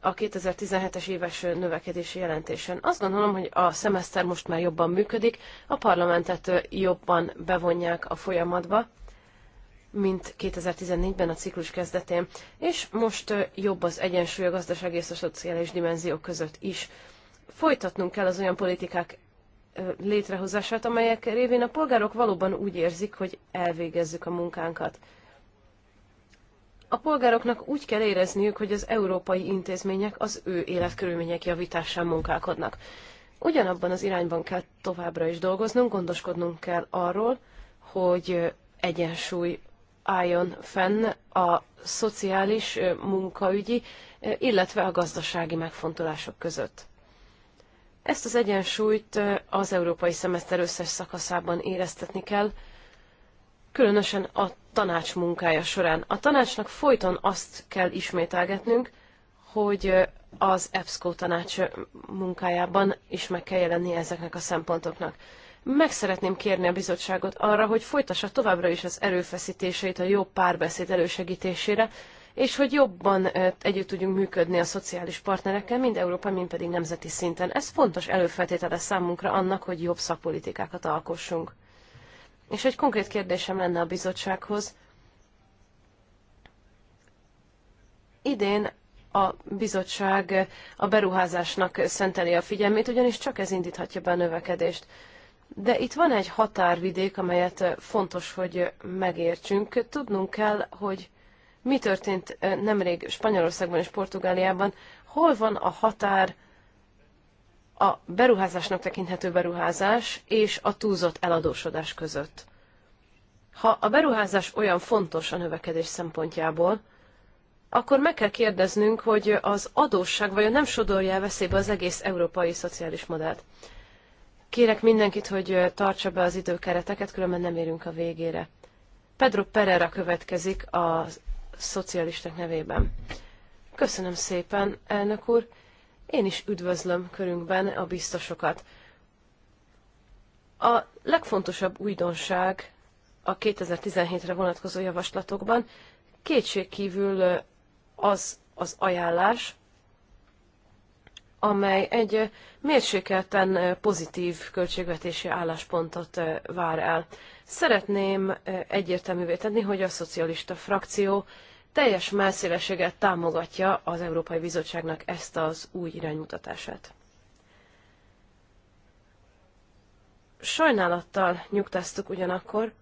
a 2017-es éves növekedési jelentésen. Azt gondolom, hogy a szemeszter most már jobban működik, a parlamentet jobban bevonják a folyamatba, mint 2014-ben a ciklus kezdetén, és most jobb az egyensúly a gazdaság és a szociális dimenziók között is. Folytatnunk kell az olyan politikák létrehozását, amelyek révén a polgárok valóban úgy érzik, hogy elvégezzük a munkánkat. A polgároknak úgy kell érezniük, hogy az európai intézmények az ő életkörülmények javításán munkálkodnak. Ugyanabban az irányban kell továbbra is dolgoznunk, gondoskodnunk kell arról, hogy egyensúly álljon fenn a szociális, munkaügyi, illetve a gazdasági megfontolások között. Ezt az egyensúlyt az európai szemeszter összes szakaszában éreztetni kell, különösen a tanács munkája során. A tanácsnak folyton azt kell ismételgetnünk, hogy az EBSCO tanács munkájában is meg kell jelenni ezeknek a szempontoknak. Meg szeretném kérni a bizottságot arra, hogy folytassa továbbra is az erőfeszítéseit a jobb párbeszéd elősegítésére, és hogy jobban együtt tudjunk működni a szociális partnerekkel, mind Európa, mind pedig nemzeti szinten. Ez fontos előfeltétele számunkra annak, hogy jobb szakpolitikákat alkossunk. És egy konkrét kérdésem lenne a bizottsághoz. Idén a bizottság a beruházásnak szenteli a figyelmét, ugyanis csak ez indíthatja be a növekedést. De itt van egy határvidék, amelyet fontos, hogy megértsünk. Tudnunk kell, hogy mi történt nemrég Spanyolországban és Portugáliában, hol van a határ a beruházásnak tekinthető beruházás és a túlzott eladósodás között. Ha a beruházás olyan fontos a növekedés szempontjából, akkor meg kell kérdeznünk, hogy az adósság vajon nem sodorja el veszélybe az egész európai szociális modellt. Kérek mindenkit, hogy tartsa be az időkereteket, különben nem érünk a végére. Pedro Pereira következik az szocialisták nevében. Köszönöm szépen, elnök úr. Én is üdvözlöm körünkben a biztosokat. A legfontosabb újdonság a 2017-re vonatkozó javaslatokban kétségkívül az az ajánlás, amely egy mérsékelten pozitív költségvetési álláspontot vár el. Szeretném egyértelművé tenni, hogy a szocialista frakció teljes melszélességgel támogatja az Európai Bizottságnak ezt az új iránymutatását. Sajnálattal nyugtáztuk ugyanakkor,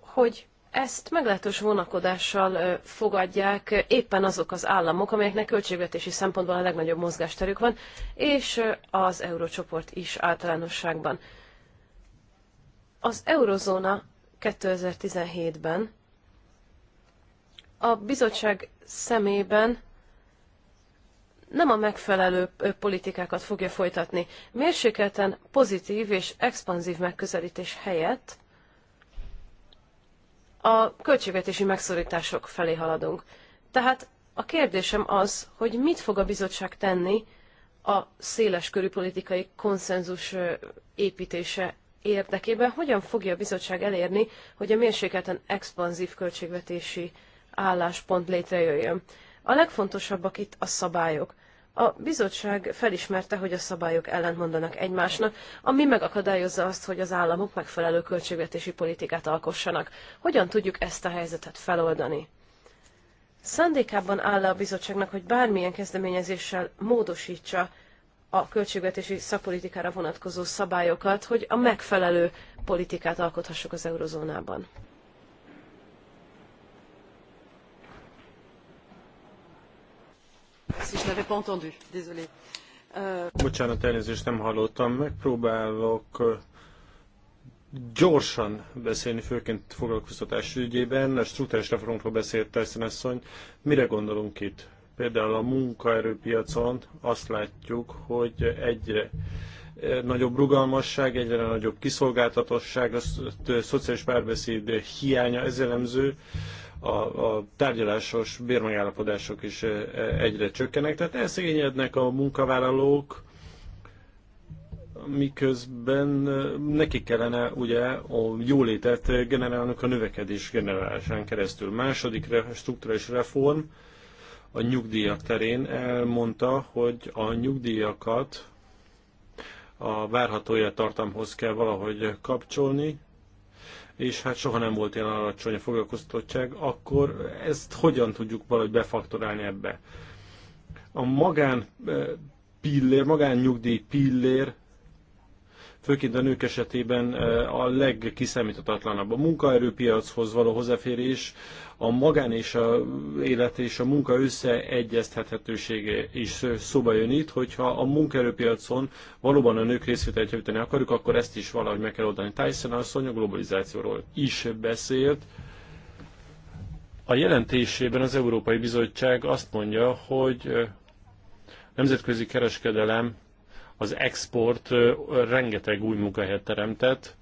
hogy ezt meglehetős vonakodással fogadják éppen azok az államok, amelyeknek költségvetési szempontból a legnagyobb mozgásterük van, és az eurócsoport is általánosságban. Az eurozóna 2017-ben. A bizottság szemében nem a megfelelő politikákat fogja folytatni. Mérsékelten pozitív és expanzív megközelítés helyett a költségvetési megszorítások felé haladunk. Tehát a kérdésem az, hogy mit fog a bizottság tenni a széles körű politikai konszenzus építése érdekében hogyan fogja a bizottság elérni, hogy a mérsékelten expanzív költségvetési álláspont létrejöjjön. A legfontosabbak itt a szabályok. A bizottság felismerte, hogy a szabályok ellentmondanak egymásnak, ami megakadályozza azt, hogy az államok megfelelő költségvetési politikát alkossanak. Hogyan tudjuk ezt a helyzetet feloldani? Szándékában áll a bizottságnak, hogy bármilyen kezdeményezéssel módosítsa a költségvetési szakpolitikára vonatkozó szabályokat, hogy a megfelelő politikát alkothassuk az eurozónában. Euh, Bocsánat, elnézést nem hallottam. Megpróbálok gyorsan beszélni, főként foglalkoztatás ügyében. A struktúrás reformokról beszélt Tyson asszony. Mire gondolunk itt? Például a munkaerőpiacon azt látjuk, hogy egyre eh, nagyobb rugalmasság, egyre nagyobb kiszolgáltatosság, a szociális párbeszéd hiánya, ez jellemző, a, a tárgyalásos bérmegállapodások is eh, eh, egyre csökkenek, tehát elszegényednek a munkavállalók, miközben neki kellene ugye a jólétet generálnak a növekedés generálásán keresztül. Második strukturális reform, a nyugdíjak terén elmondta, hogy a nyugdíjakat a várható tartamhoz kell valahogy kapcsolni, és hát soha nem volt ilyen alacsony a foglalkoztatottság, akkor ezt hogyan tudjuk valahogy befaktorálni ebbe? A magán eh, pillér, magán nyugdíj pillér főként a nők esetében eh, a legkiszámíthatatlanabb. A munkaerőpiachoz való hozzáférés, a magán és a élet és a munka összeegyeztethetősége is szóba jön itt, hogyha a munkaerőpiacon valóban a nők részvételt javítani akarjuk, akkor ezt is valahogy meg kell oldani. Tyson asszony a globalizációról is beszélt. A jelentésében az Európai Bizottság azt mondja, hogy nemzetközi kereskedelem az export rengeteg új munkahelyet teremtett,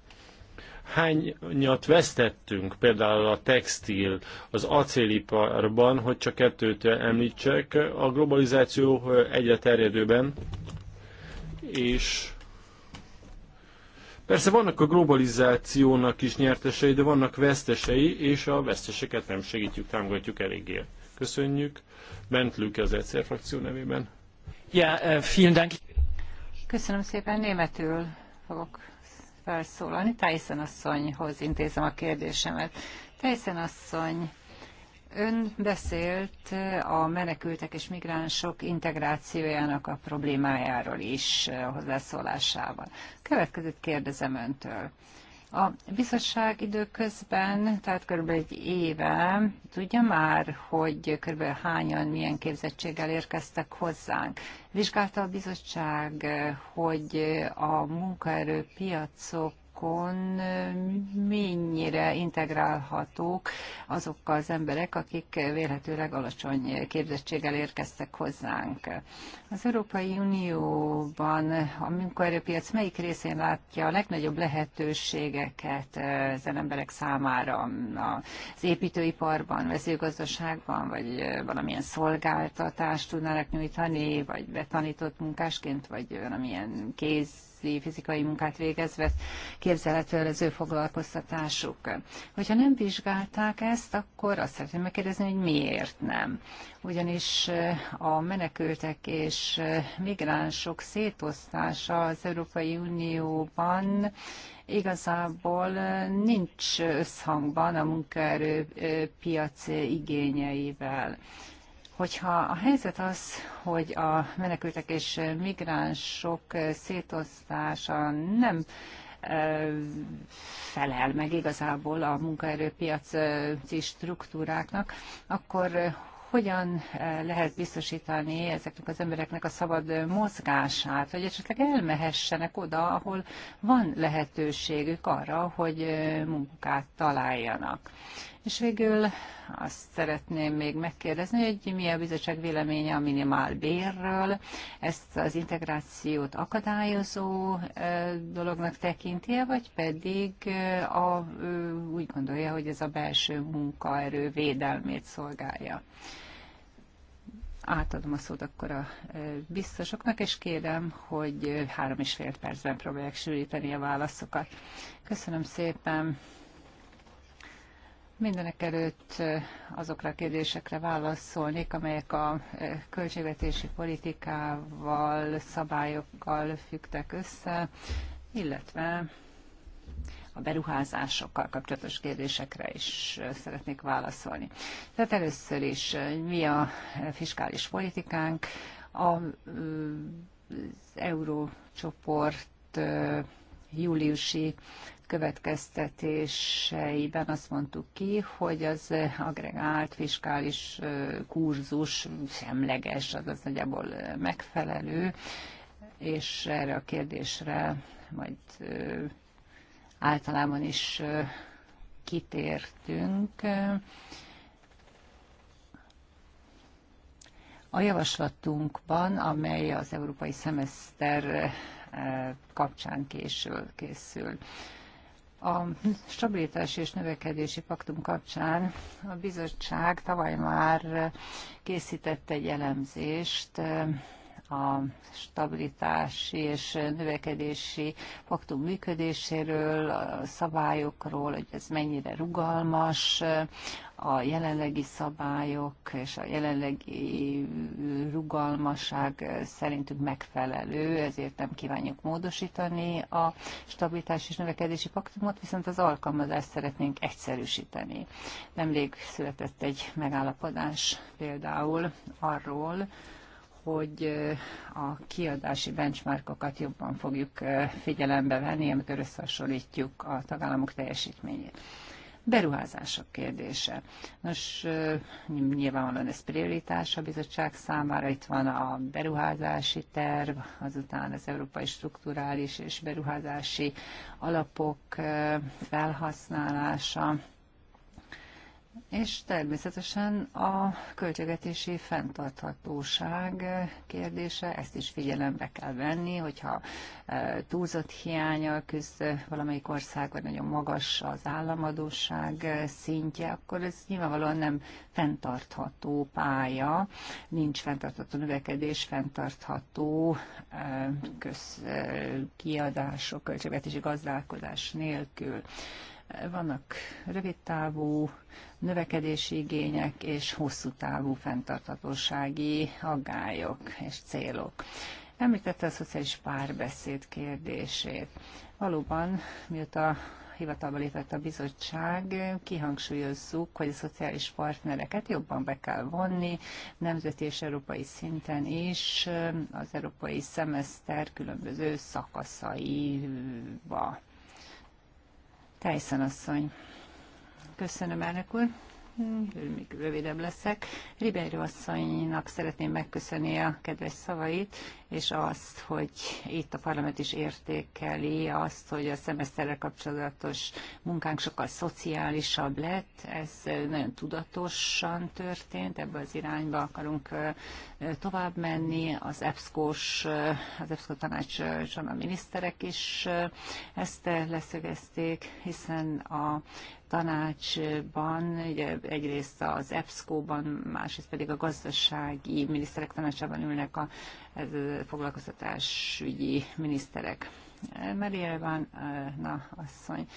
hányat vesztettünk például a textil, az acéliparban, hogy csak kettőt említsek, a globalizáció egyre terjedőben, és Persze vannak a globalizációnak is nyertesei, de vannak vesztesei, és a veszteseket nem segítjük, támogatjuk eléggé. Köszönjük. Bent Lüke az egyszer frakció nevében. Ja, eh, vielen Dank. Köszönöm szépen, németül fogok felszólalni. Tyson asszonyhoz intézem a kérdésemet. Tyson asszony, ön beszélt a menekültek és migránsok integrációjának a problémájáról is a Következőt kérdezem öntől. A bizottság időközben, tehát körülbelül egy éve, tudja már, hogy körülbelül hányan, milyen képzettséggel érkeztek hozzánk. Vizsgálta a bizottság, hogy a munkaerőpiacok piacon mennyire integrálhatók azok az emberek, akik vélhetőleg alacsony képzettséggel érkeztek hozzánk. Az Európai Unióban a munkaerőpiac melyik részén látja a legnagyobb lehetőségeket ezen emberek számára az építőiparban, mezőgazdaságban, vagy valamilyen szolgáltatást tudnának nyújtani, vagy betanított munkásként, vagy valamilyen kéz kézi, fizikai munkát végezve képzelhető az ő foglalkoztatásuk. Hogyha nem vizsgálták ezt, akkor azt szeretném megkérdezni, hogy miért nem. Ugyanis eh, a menekültek és eh, migránsok szétosztása az Európai Unióban igazából eh, nincs összhangban a munkaerőpiac igényeivel hogyha a helyzet az, hogy a menekültek és migránsok szétosztása nem felel meg igazából a munkaerőpiaci struktúráknak, akkor hogyan lehet biztosítani ezeknek az embereknek a szabad mozgását, hogy esetleg elmehessenek oda, ahol van lehetőségük arra, hogy munkát találjanak. És végül azt szeretném még megkérdezni, hogy mi a bizottság véleménye a minimál bérről. Ezt az integrációt akadályozó dolognak tekinti -e, vagy pedig a, úgy gondolja, hogy ez a belső munkaerő védelmét szolgálja? átadom a szót akkor a biztosoknak, és kérem, hogy három és fél percben próbálják sűríteni a válaszokat. Köszönöm szépen! Mindenek előtt azokra a kérdésekre válaszolnék, amelyek a költségvetési politikával, szabályokkal fügtek össze, illetve a beruházásokkal kapcsolatos kérdésekre is szeretnék válaszolni. Tehát először is, mi a fiskális politikánk? A, az eurócsoport júliusi következtetéseiben azt mondtuk ki, hogy az agregált fiskális kurzus semleges, az nagyjából megfelelő, és erre a kérdésre majd általában is kitértünk. A javaslatunkban, amely az európai szemeszter kapcsán késül, készül. A stabilitási és növekedési paktum kapcsán a bizottság tavaly már készített egy elemzést a stabilitási és növekedési paktum működéséről, a szabályokról, hogy ez mennyire rugalmas, a jelenlegi szabályok és a jelenlegi rugalmasság szerintünk megfelelő, ezért nem kívánjuk módosítani a stabilitás és növekedési paktumot, viszont az alkalmazást szeretnénk egyszerűsíteni. Nemrég született egy megállapodás például arról, hogy eh, a kiadási benchmarkokat jobban fogjuk eh, figyelembe venni, amikor összehasonlítjuk a tagállamok teljesítményét beruházások kérdése. Nos, nyilvánvalóan ez prioritás a bizottság számára, itt van a beruházási terv, azután az európai strukturális és beruházási alapok felhasználása, és természetesen a költségvetési fenntarthatóság kérdése, ezt is figyelembe kell venni, hogyha e, túlzott hiánya küzd valamelyik ország, vagy nagyon magas az államadóság szintje, akkor ez nyilvánvalóan nem fenntartható pálya, nincs fenntartható növekedés, fenntartható e, közkiadások, e, költségvetési gazdálkodás nélkül. Vannak rövidtávú növekedési igények és hosszú távú fenntartatósági aggályok és célok. Említette a szociális párbeszéd kérdését. Valóban, mióta hivatalba lépett a bizottság, kihangsúlyozzuk, hogy a szociális partnereket jobban be kell vonni, nemzeti és európai szinten is, az európai szemeszter különböző szakaszaiba. Tyson asszony. Köszönöm, elnök úr. Még rövidebb leszek. Ribeiro asszonynak szeretném megköszönni a kedves szavait, és azt, hogy itt a parlament is értékeli azt, hogy a szemeszterrel kapcsolatos munkánk sokkal szociálisabb lett, ez nagyon tudatosan történt, ebbe az irányba akarunk tovább menni, az epsco az EBSZKO tanácson a miniszterek is ezt leszögezték, hiszen a tanácsban, ugye egyrészt az EBSCO-ban, másrészt pedig a gazdasági miniszterek tanácsában ülnek a ez foglalkoztatásügyi miniszterek. Maria van, eh, na asszony,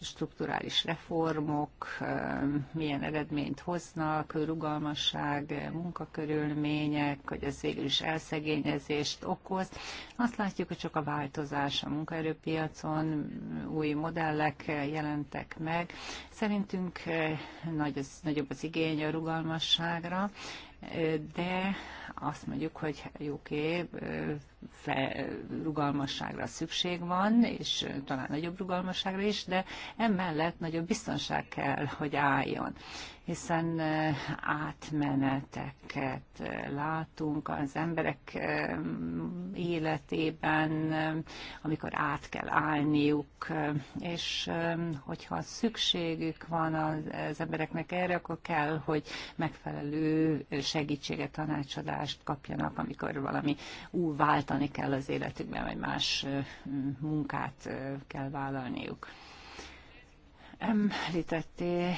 strukturális reformok, eh, milyen eredményt hoznak, rugalmasság, munkakörülmények, hogy ez végül is elszegényezést okoz. Azt látjuk, hogy csak a változás a munkaerőpiacon, új modellek jelentek meg. Szerintünk eh, nagy az, nagyobb az igény a rugalmasságra, de azt mondjuk, hogy jó, rugalmasságra szükség van, és talán nagyobb rugalmasságra is, de emellett nagyobb biztonság kell, hogy álljon hiszen átmeneteket látunk az emberek életében, amikor át kell állniuk, és hogyha szükségük van az embereknek erre, akkor kell, hogy megfelelő segítséget, tanácsadást kapjanak, amikor valami új vált váltani kell az életükben, vagy más munkát kell vállalniuk. Említették,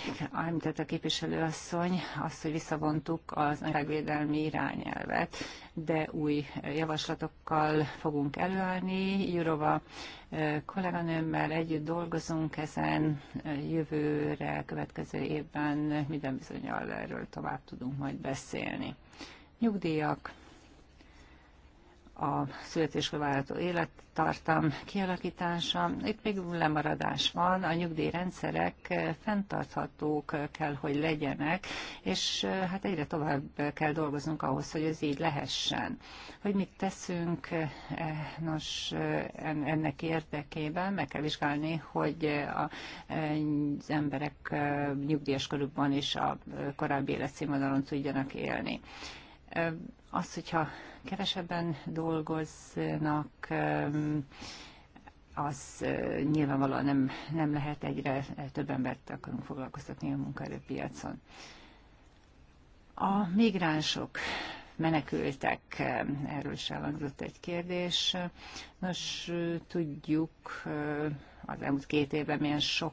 említett a képviselőasszony azt, hogy visszavontuk az anyagvédelmi irányelvet, de új javaslatokkal fogunk előállni. Jurova kolléganőmmel együtt dolgozunk ezen jövőre, következő évben minden bizonyal erről tovább tudunk majd beszélni. Nyugdíjak a születéskor várható élettartam kialakítása. Itt még lemaradás van, a nyugdíjrendszerek fenntarthatók kell, hogy legyenek, és hát egyre tovább kell dolgoznunk ahhoz, hogy ez így lehessen. Hogy mit teszünk, eh, nos, ennek érdekében meg kell vizsgálni, hogy az emberek eh, nyugdíjas korukban is a eh, korábbi életszínvonalon tudjanak élni az, hogyha kevesebben dolgoznak, az nyilvánvalóan nem, nem lehet egyre több embert akarunk foglalkoztatni a munkaerőpiacon. A migránsok menekültek, erről is elhangzott egy kérdés. Nos, tudjuk, az elmúlt két évben milyen sok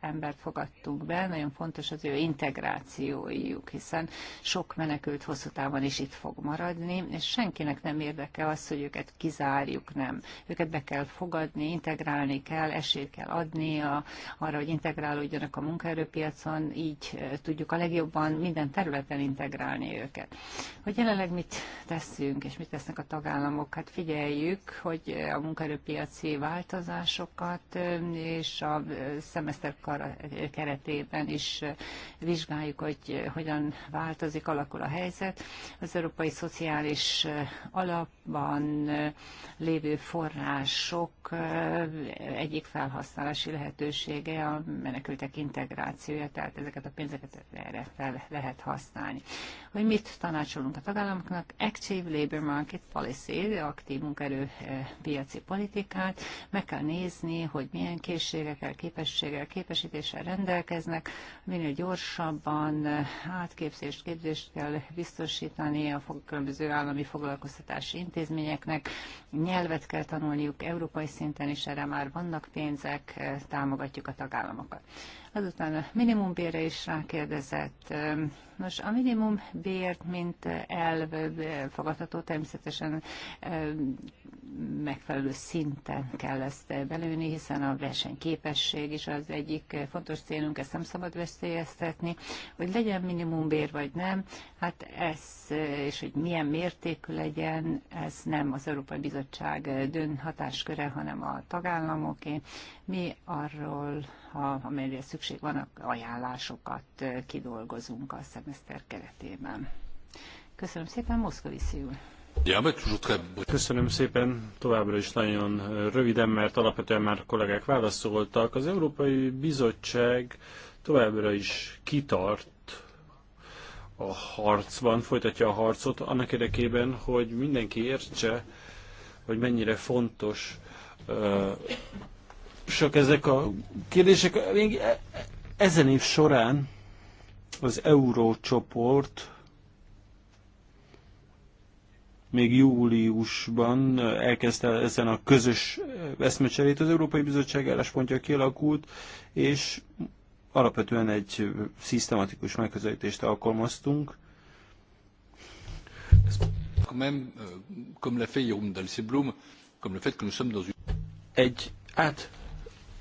embert fogadtunk be, nagyon fontos az ő integrációjuk, hiszen sok menekült hosszú távon is itt fog maradni, és senkinek nem érdeke az, hogy őket kizárjuk, nem. Őket be kell fogadni, integrálni kell, esélyt kell adni a, arra, hogy integrálódjanak a munkaerőpiacon, így tudjuk a legjobban minden területen integrálni őket. Hogy jelenleg mit teszünk, és mit tesznek a tagállamok, hát figyeljük, hogy a munkaerőpiaci változásokkal programokat, és a szemeszter keretében is vizsgáljuk, hogy hogyan változik, alakul a helyzet. Az Európai Szociális Alapban lévő források egyik felhasználási lehetősége a menekültek integrációja, tehát ezeket a pénzeket erre fel lehet használni hogy mit tanácsolunk a tagállamoknak. Active Labor Market Policy, aktív munkaerő eh, piaci politikát, meg kell nézni, hogy milyen készségekkel, képességgel, képesítéssel rendelkeznek, minél gyorsabban eh, átképzést, képzést kell biztosítani a különböző állami foglalkoztatási intézményeknek, nyelvet kell tanulniuk európai szinten, és erre már vannak pénzek, eh, támogatjuk a tagállamokat. Azután a minimumbérre is rákérdezett, Nos, a minimum bért, mint elv fogadható természetesen megfelelő szinten kell ezt belőni, hiszen a versenyképesség is az egyik fontos célunk, ezt nem szabad veszélyeztetni, hogy legyen minimum bér vagy nem, hát ez, és hogy milyen mértékű legyen, ez nem az Európai Bizottság dönt hatásköre, hanem a tagállamoké. Mi arról, ha amelyre szükség van, ajánlásokat kidolgozunk a szemeszter keretében. Köszönöm szépen, Moszkoviszi úr! Köszönöm szépen, továbbra is nagyon röviden, mert alapvetően már kollégák válaszoltak. Az Európai Bizottság továbbra is kitart a harcban, folytatja a harcot annak érdekében, hogy mindenki értse, hogy mennyire fontos uh, sok ezek a kérdések. Még e- ezen év során az eurócsoport még júliusban elkezdte ezen a közös eszmecserét az Európai Bizottság álláspontja kialakult, és alapvetően egy szisztematikus megközelítést alkalmaztunk. Euh, egy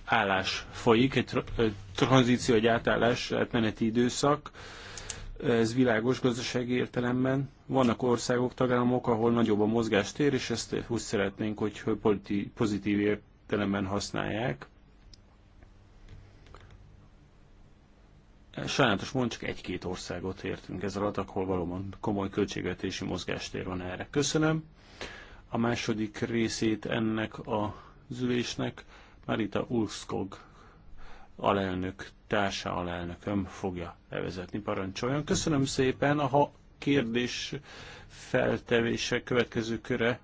átállás folyik, egy, tranzíció, egy átállás, átmeneti időszak, ez világos gazdasági értelemben. Vannak országok, tagállamok, ahol nagyobb a mozgástér, és ezt úgy szeretnénk, hogy pozitív értelemben használják. Sajnálatos mond csak egy-két országot értünk ez alatt, ahol valóban komoly költségvetési mozgástér van erre. Köszönöm. A második részét ennek a zülésnek Marita Ulskog alelnök, társa alelnököm fogja levezetni. Parancsoljon. Köszönöm szépen. A kérdés feltevése következő köre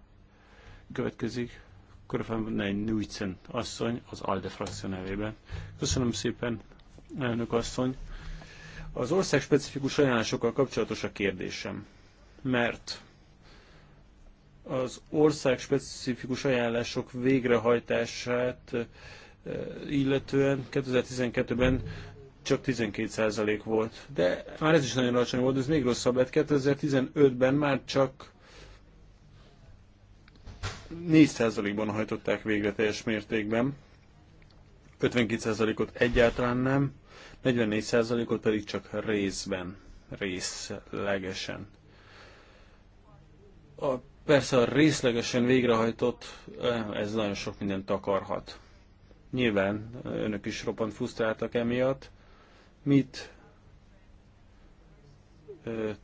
következik. Köröfen egy Nújcen asszony az ALDE frakció nevében. Köszönöm szépen, elnök asszony. Az ország specifikus ajánlásokkal kapcsolatos a kérdésem, mert az ország specifikus ajánlások végrehajtását illetően 2012-ben csak 12% volt. De már ez is nagyon alacsony volt, ez még rosszabb lett. Hát 2015-ben már csak 4%-ban hajtották végre teljes mértékben. 52%-ot egyáltalán nem, 44%-ot pedig csak részben, részlegesen. A, persze a részlegesen végrehajtott, eh, ez nagyon sok mindent takarhat. Nyilván önök is roppant frusztráltak emiatt. Mit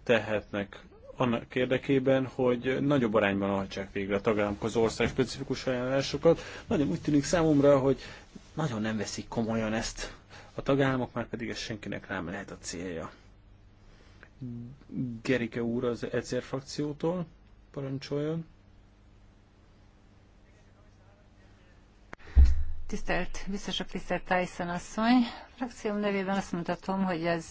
tehetnek annak érdekében, hogy nagyobb arányban hajtsák végre a tagállamok az ország specifikus ajánlásokat. Nagyon úgy tűnik számomra, hogy nagyon nem veszik komolyan ezt a tagállamok, már pedig ez senkinek nem lehet a célja. Gerike úr az ECR frakciótól parancsoljon. Tisztelt, a tisztelt Tyson asszony! A frakcióm nevében azt mutatom, hogy az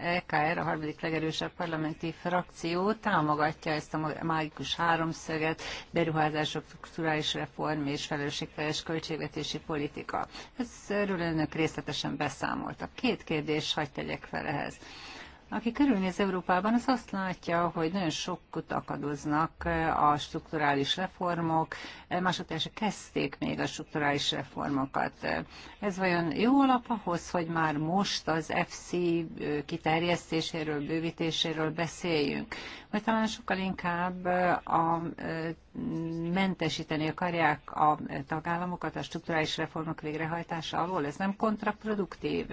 EKR, a harmadik legerősebb parlamenti frakció támogatja ezt a mágikus háromszöget, beruházások, strukturális reform és felelősségteljes költségvetési politika. Ez örül önök részletesen beszámoltak. Két kérdés hagyd tegyek fel ehhez. Aki körülnéz Európában, az azt látja, hogy nagyon sok akadoznak eh, a strukturális reformok, eh, másodjára kezdték még a strukturális reformokat. Eh, ez vajon jó alap ahhoz, hogy már most az FC kiterjesztéséről, bővítéséről beszéljünk? Vagy talán sokkal inkább a mentesíteni akarják a tagállamokat a strukturális reformok végrehajtása alól? Ez nem kontraproduktív?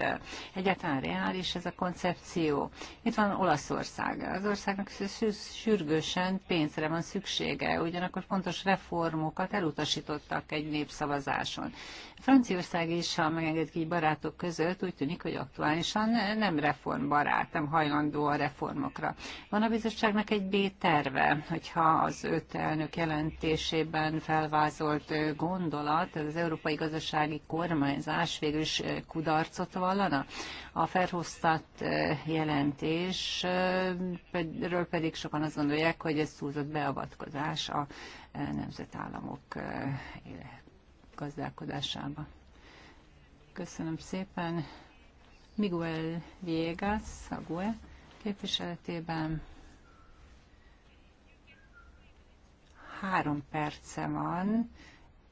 Egyáltalán reális ez a koncepció? Itt van Olaszország. Az országnak sürgősen pénzre van szüksége, ugyanakkor fontos reformokat elutasítottak egy népszavazáson. Franciaország is, ha megenged ki barátok között, úgy tűnik, hogy aktuálisan nem reformbarát, nem hajlandó a reformokra. Van a bizottságnak egy B-terve, hogyha az öt elnök jelentésében felvázolt gondolat, az európai gazdasági kormányzás végül is kudarcot vallana. A felhoztat eh, jelentésről eh, pedig sokan azt gondolják, hogy ez túlzott beavatkozás a eh, nemzetállamok gazdálkodásába. Köszönöm szépen. Miguel Viegas, Szagué képviseletében három perce van,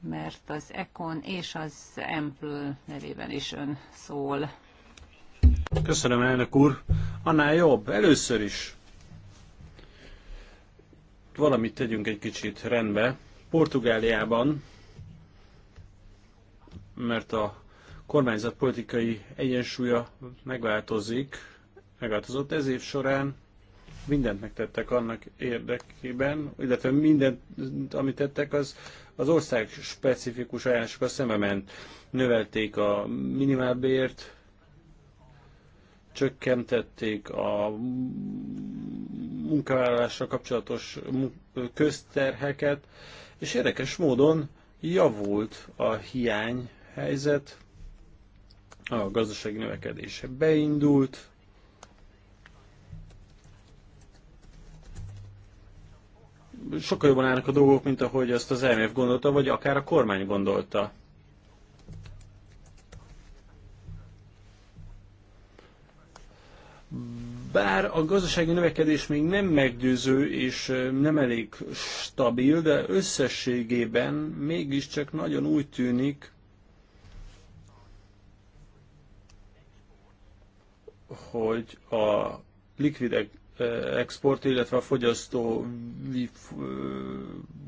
mert az Econ és az Empl nevében is ön szól. Köszönöm, elnök úr. Annál jobb. Először is valamit tegyünk egy kicsit rendbe. Portugáliában mert a kormányzat politikai egyensúlya megváltozik, megváltozott ez év során, mindent megtettek annak érdekében, illetve mindent, amit tettek, az az ország specifikus ajánlásokkal szembe ment. Növelték a minimálbért, csökkentették a munkavállalásra kapcsolatos közterheket, és érdekes módon javult a hiány helyzet. A gazdasági növekedése beindult. Sokkal jobban állnak a dolgok, mint ahogy azt az MF gondolta, vagy akár a kormány gondolta. Bár a gazdasági növekedés még nem meggyőző és nem elég stabil, de összességében mégiscsak nagyon úgy tűnik, hogy a likvid export, illetve a fogyasztó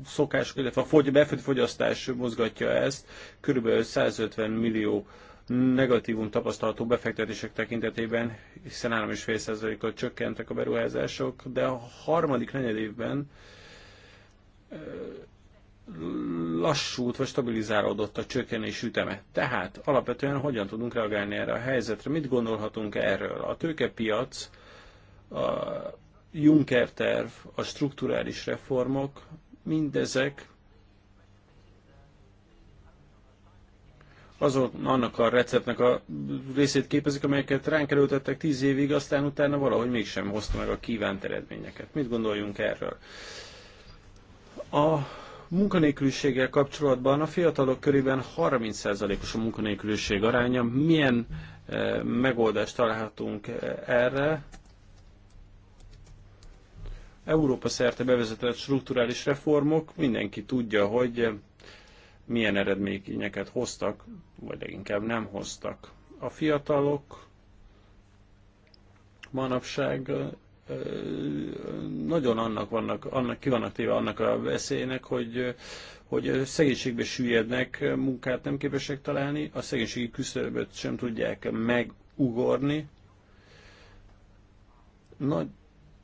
szokás, illetve a fogy, befőtt fogyasztás mozgatja ezt, körülbelül 150 millió negatívum tapasztalható befektetések tekintetében, hiszen 3,5%-kal csökkentek a beruházások, de a harmadik negyedévben lassult vagy stabilizálódott a csökkenés üteme. Tehát alapvetően hogyan tudunk reagálni erre a helyzetre, mit gondolhatunk erről? A tőkepiac, a Juncker terv, a strukturális reformok, mindezek Azok annak a receptnek a részét képezik, amelyeket ránk erőltettek tíz évig, aztán utána valahogy mégsem hozta meg a kívánt eredményeket. Mit gondoljunk erről? A munkanélküliséggel kapcsolatban a fiatalok körében 30%-os a munkanélküliség aránya. Milyen eh, megoldást találhatunk eh, erre? Európa szerte bevezetett strukturális reformok, mindenki tudja, hogy eh, milyen eredményeket hoztak, vagy leginkább nem hoztak. A fiatalok manapság nagyon annak, vannak, annak ki vannak téve annak a veszélynek, hogy, hogy szegénységbe süllyednek, munkát nem képesek találni, a szegénységi küszöböt sem tudják megugorni. Nagy,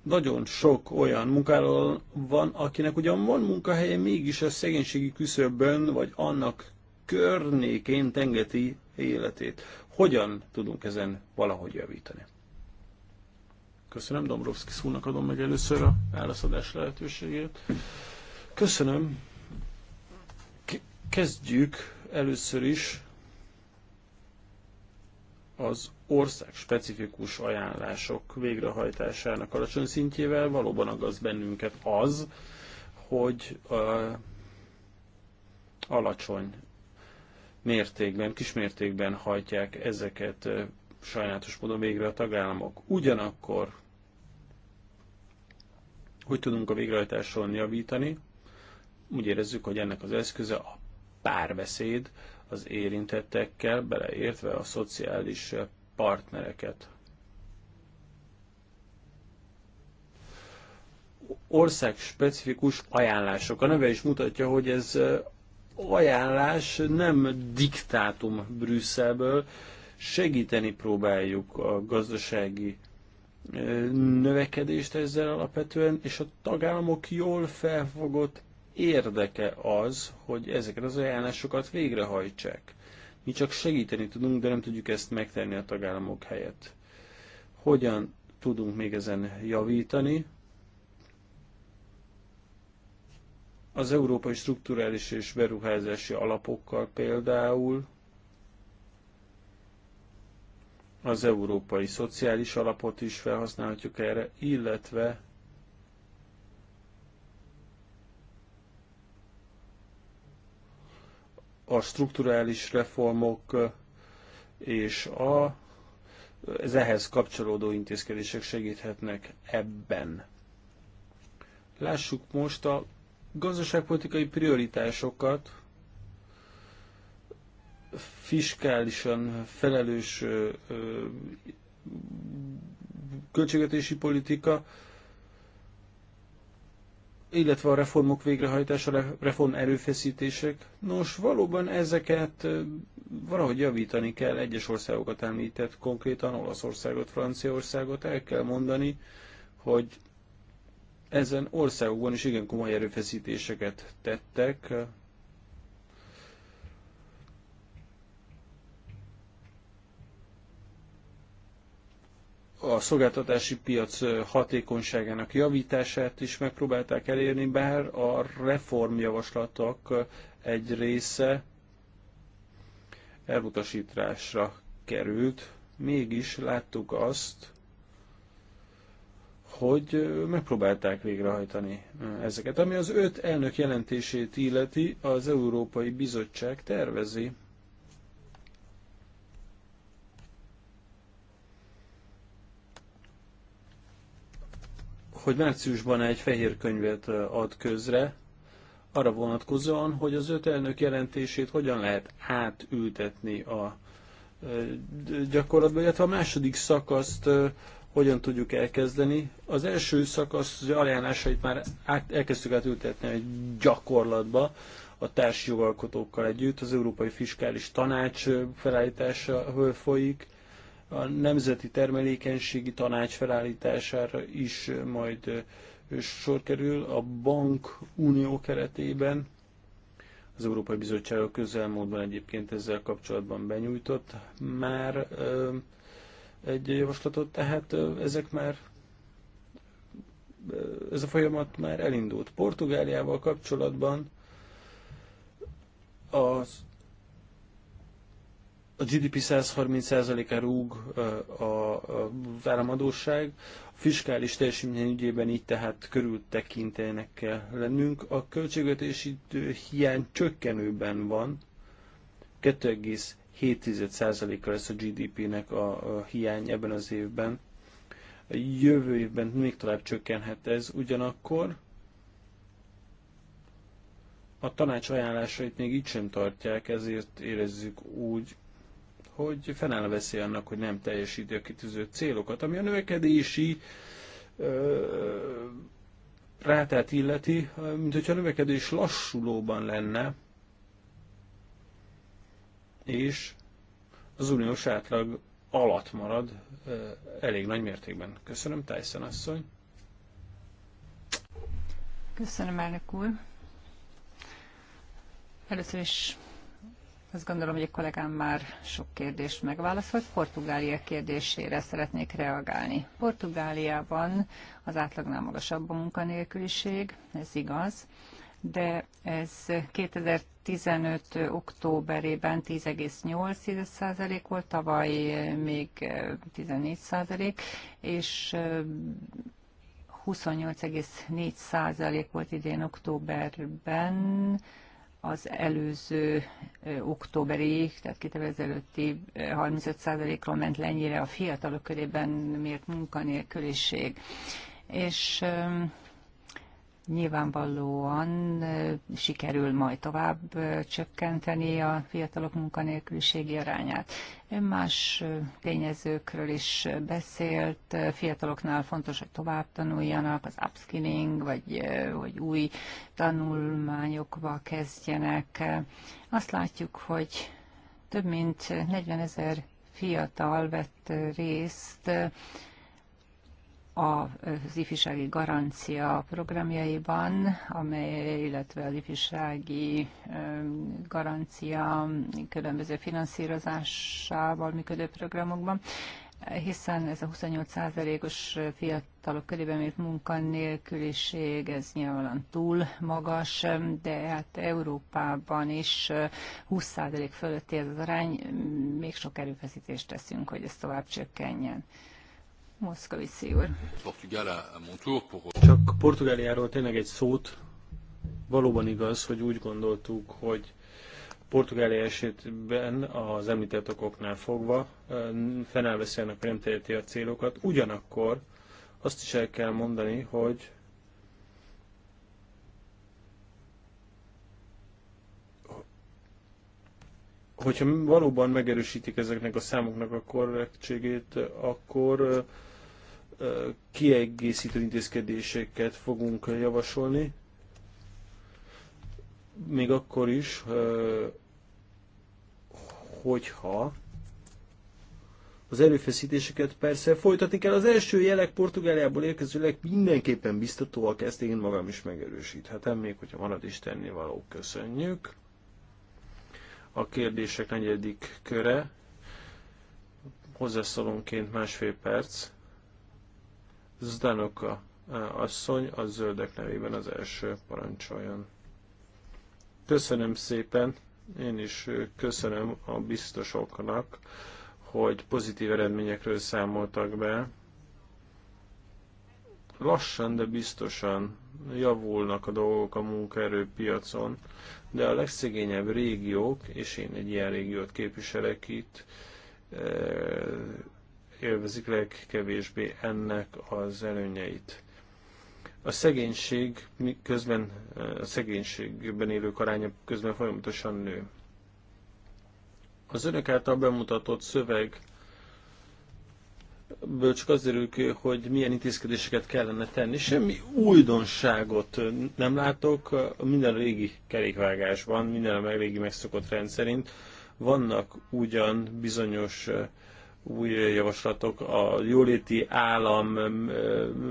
nagyon sok olyan munkáról van, akinek ugyan van munkahelye, mégis a szegénységi küszöbön, vagy annak környékén tengeti életét. Hogyan tudunk ezen valahogy javítani? Köszönöm, Dombrovszki szónak adom meg először a válaszadás lehetőségét. Köszönöm. Kezdjük először is az ország specifikus ajánlások végrehajtásának alacsony szintjével valóban aggaszt bennünket az, hogy uh, alacsony mértékben, kismértékben hajtják ezeket sajnálatos módon végre a tagállamok. Ugyanakkor hogy tudunk a végrehajtáson javítani? Úgy érezzük, hogy ennek az eszköze a párbeszéd az érintettekkel, beleértve a szociális partnereket. Ország specifikus ajánlások. A neve is mutatja, hogy ez ajánlás nem diktátum Brüsszelből, segíteni próbáljuk a gazdasági növekedést ezzel alapvetően, és a tagállamok jól felfogott érdeke az, hogy ezeket az ajánlásokat végrehajtsák. Mi csak segíteni tudunk, de nem tudjuk ezt megtenni a tagállamok helyett. Hogyan tudunk még ezen javítani? Az európai strukturális és beruházási alapokkal például az európai szociális alapot is felhasználhatjuk erre, illetve a strukturális reformok és a, az ehhez kapcsolódó intézkedések segíthetnek ebben. Lássuk most a gazdaságpolitikai prioritásokat, fiskálisan felelős költségvetési politika, illetve a reformok végrehajtása, reform erőfeszítések. Nos, valóban ezeket valahogy javítani kell. Egyes országokat említett, konkrétan Olaszországot, Franciaországot el kell mondani, hogy ezen országokban is igen komoly erőfeszítéseket tettek, a szolgáltatási piac hatékonyságának javítását is megpróbálták elérni, bár a reformjavaslatok egy része elutasításra került. Mégis láttuk azt, hogy megpróbálták végrehajtani ezeket. Ami az öt elnök jelentését illeti, az Európai Bizottság tervezi hogy márciusban egy fehér könyvet ad közre, arra vonatkozóan, hogy az öt elnök jelentését hogyan lehet átültetni a gyakorlatban, illetve a második szakaszt hogyan tudjuk elkezdeni. Az első szakasz az ajánlásait már át, elkezdtük átültetni egy gyakorlatba, a társjogalkotókkal együtt, az Európai Fiskális Tanács felállítása folyik, a Nemzeti Termelékenységi Tanács felállítására is majd sor kerül a Bank Unió keretében. Az Európai Bizottság a közelmódban egyébként ezzel kapcsolatban benyújtott már egy javaslatot, tehát ezek már ez a folyamat már elindult. Portugáliával kapcsolatban az a GDP 130%-a rúg a államadóság, a fiskális teljesítmény ügyében így tehát körültekintenek kell lennünk. A költségvetési hiány csökkenőben van, 2,7%-a lesz a GDP-nek a hiány ebben az évben. A jövő évben még tovább csökkenhet ez ugyanakkor. A tanács ajánlásait még így sem tartják, ezért érezzük úgy, hogy fennáll a veszély annak, hogy nem teljesíti a kitűző célokat, ami a növekedési ö, rátát illeti, mint hogyha a növekedés lassulóban lenne, és az uniós átlag alatt marad elég nagy mértékben. Köszönöm, Tyson asszony. Köszönöm, elnök úr. Először is azt gondolom, hogy a kollégám már sok kérdést megválaszolt. Portugália kérdésére szeretnék reagálni. Portugáliában az átlagnál magasabb a munkanélküliség, ez igaz, de ez 2015. októberében 10,8% volt, tavaly még 14%, és 28,4% volt idén októberben, az előző októberi, tehát 2005-i 35%-ról ment lennyire a fiatalok körében mért munkanélküliség. És nyilvánvalóan sikerül majd tovább csökkenteni a fiatalok munkanélküliségi arányát. Ön más tényezőkről is beszélt, fiataloknál fontos, hogy tovább tanuljanak, az upskilling, vagy hogy új tanulmányokba kezdjenek. Azt látjuk, hogy több mint 40 ezer fiatal vett részt az ifjúsági garancia programjaiban, amely, illetve az ifjúsági garancia különböző finanszírozásával működő programokban, hiszen ez a 28%-os fiatalok körében mért munkanélküliség, ez nyilván túl magas, de hát Európában is 20% fölötti ez az arány, még sok erőfeszítést teszünk, hogy ez tovább csökkenjen. Moszkovici úr. Csak Portugáliáról tényleg egy szót. Valóban igaz, hogy úgy gondoltuk, hogy Portugália esetben az említett okoknál fogva fenelveszi a nem teheti a célokat. Ugyanakkor azt is el kell mondani, hogy hogyha valóban megerősítik ezeknek a számoknak a korrektségét, akkor kiegészítő intézkedéseket fogunk javasolni, még akkor is, hogyha az erőfeszítéseket persze folytatni kell. Az első jelek Portugáliából érkezőleg mindenképpen biztatóak, ezt én magam is megerősíthetem, még hogyha marad is tenni való. Köszönjük. A kérdések negyedik köre. Hozzászólónként másfél perc. Zdanoka eh, asszony a zöldek nevében az első parancsoljon. Köszönöm szépen, én is eh, köszönöm a biztosoknak, hogy pozitív eredményekről számoltak be. Lassan, de biztosan javulnak a dolgok a munkaerőpiacon, de a legszegényebb régiók, és én egy ilyen régiót képviselek itt, eh, élvezik legkevésbé ennek az előnyeit. A szegénység közben, a szegénységben élők aránya közben folyamatosan nő. Az önök által bemutatott szöveg ből csak az derül ki, hogy milyen intézkedéseket kellene tenni. Semmi újdonságot nem látok, minden régi kerékvágásban, minden a régi megszokott rendszerint. Vannak ugyan bizonyos új javaslatok, a jóléti állam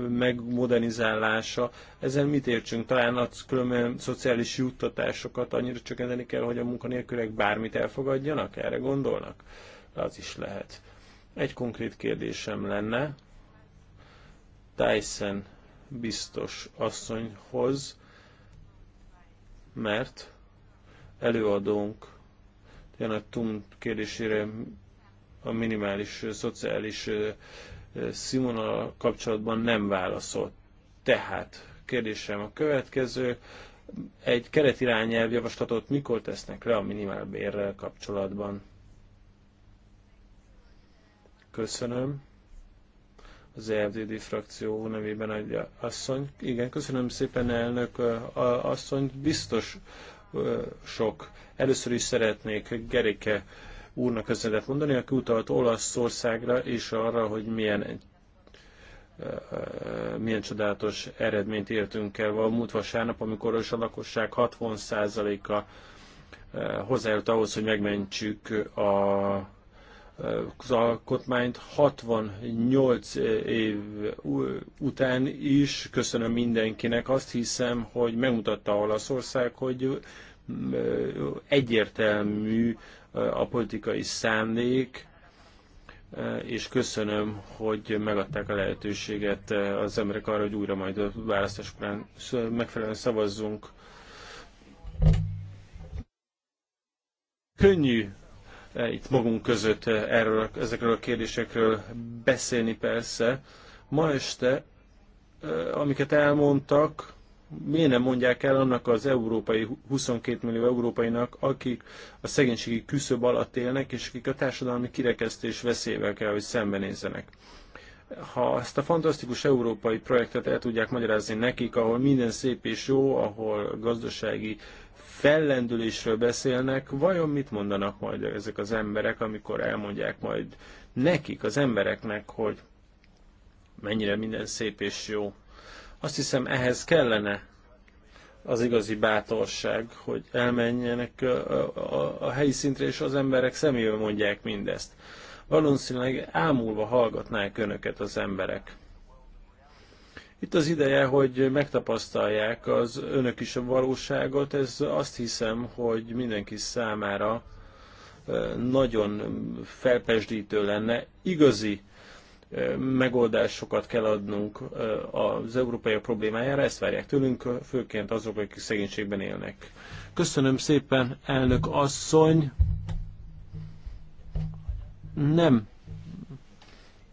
megmodernizálása, ezen mit értsünk? Talán a különböző szociális juttatásokat annyira csökkenteni kell, hogy a munkanélkülek bármit elfogadjanak? Erre gondolnak? Az is lehet. Egy konkrét kérdésem lenne Tyson biztos asszonyhoz, mert előadónk Janet Tum kérdésére a minimális szociális színvonal kapcsolatban nem válaszolt. Tehát kérdésem a következő, egy keretirányelv javaslatot mikor tesznek le a minimálbérrel kapcsolatban? Köszönöm. Az EFDD frakció nevében egy asszony. Igen, köszönöm szépen, elnök asszony. Biztos sok. Először is szeretnék Gerike úrnak köszönetet mondani, aki utalt Olaszországra és arra, hogy milyen eh, eh, milyen csodálatos eredményt értünk el a múlt vasárnap, amikor is a lakosság 60%-a eh, hozzájött ahhoz, hogy megmentsük a, az alkotmányt 68 év után is. Köszönöm mindenkinek. Azt hiszem, hogy megmutatta Olaszország, hogy egyértelmű a politikai szándék, e, és köszönöm, hogy megadták a lehetőséget e, az emberek arra, hogy újra majd a választás után megfelelően szavazzunk. Könnyű e, itt magunk között erről, ezekről a kérdésekről beszélni persze. Ma este, amiket elmondtak, miért nem mondják el annak az európai 22 millió európainak, akik a szegénységi küszöb alatt élnek, és akik a társadalmi kirekesztés veszélyével kell, hogy szembenézzenek. Ha ezt a fantasztikus európai projektet el tudják magyarázni nekik, ahol minden szép és jó, ahol gazdasági fellendülésről beszélnek, vajon mit mondanak majd ezek az emberek, amikor elmondják majd nekik, az embereknek, hogy mennyire minden szép és jó azt hiszem ehhez kellene az igazi bátorság, hogy elmenjenek a helyi szintre, és az emberek szemébe mondják mindezt. Valószínűleg ámulva hallgatnák önöket az emberek. Itt az ideje, hogy megtapasztalják az önök is a valóságot, ez azt hiszem, hogy mindenki számára nagyon felpesdítő lenne, igazi megoldásokat kell adnunk az európai problémájára, ezt várják tőlünk, főként azok, akik szegénységben élnek. Köszönöm szépen, elnök asszony! Nem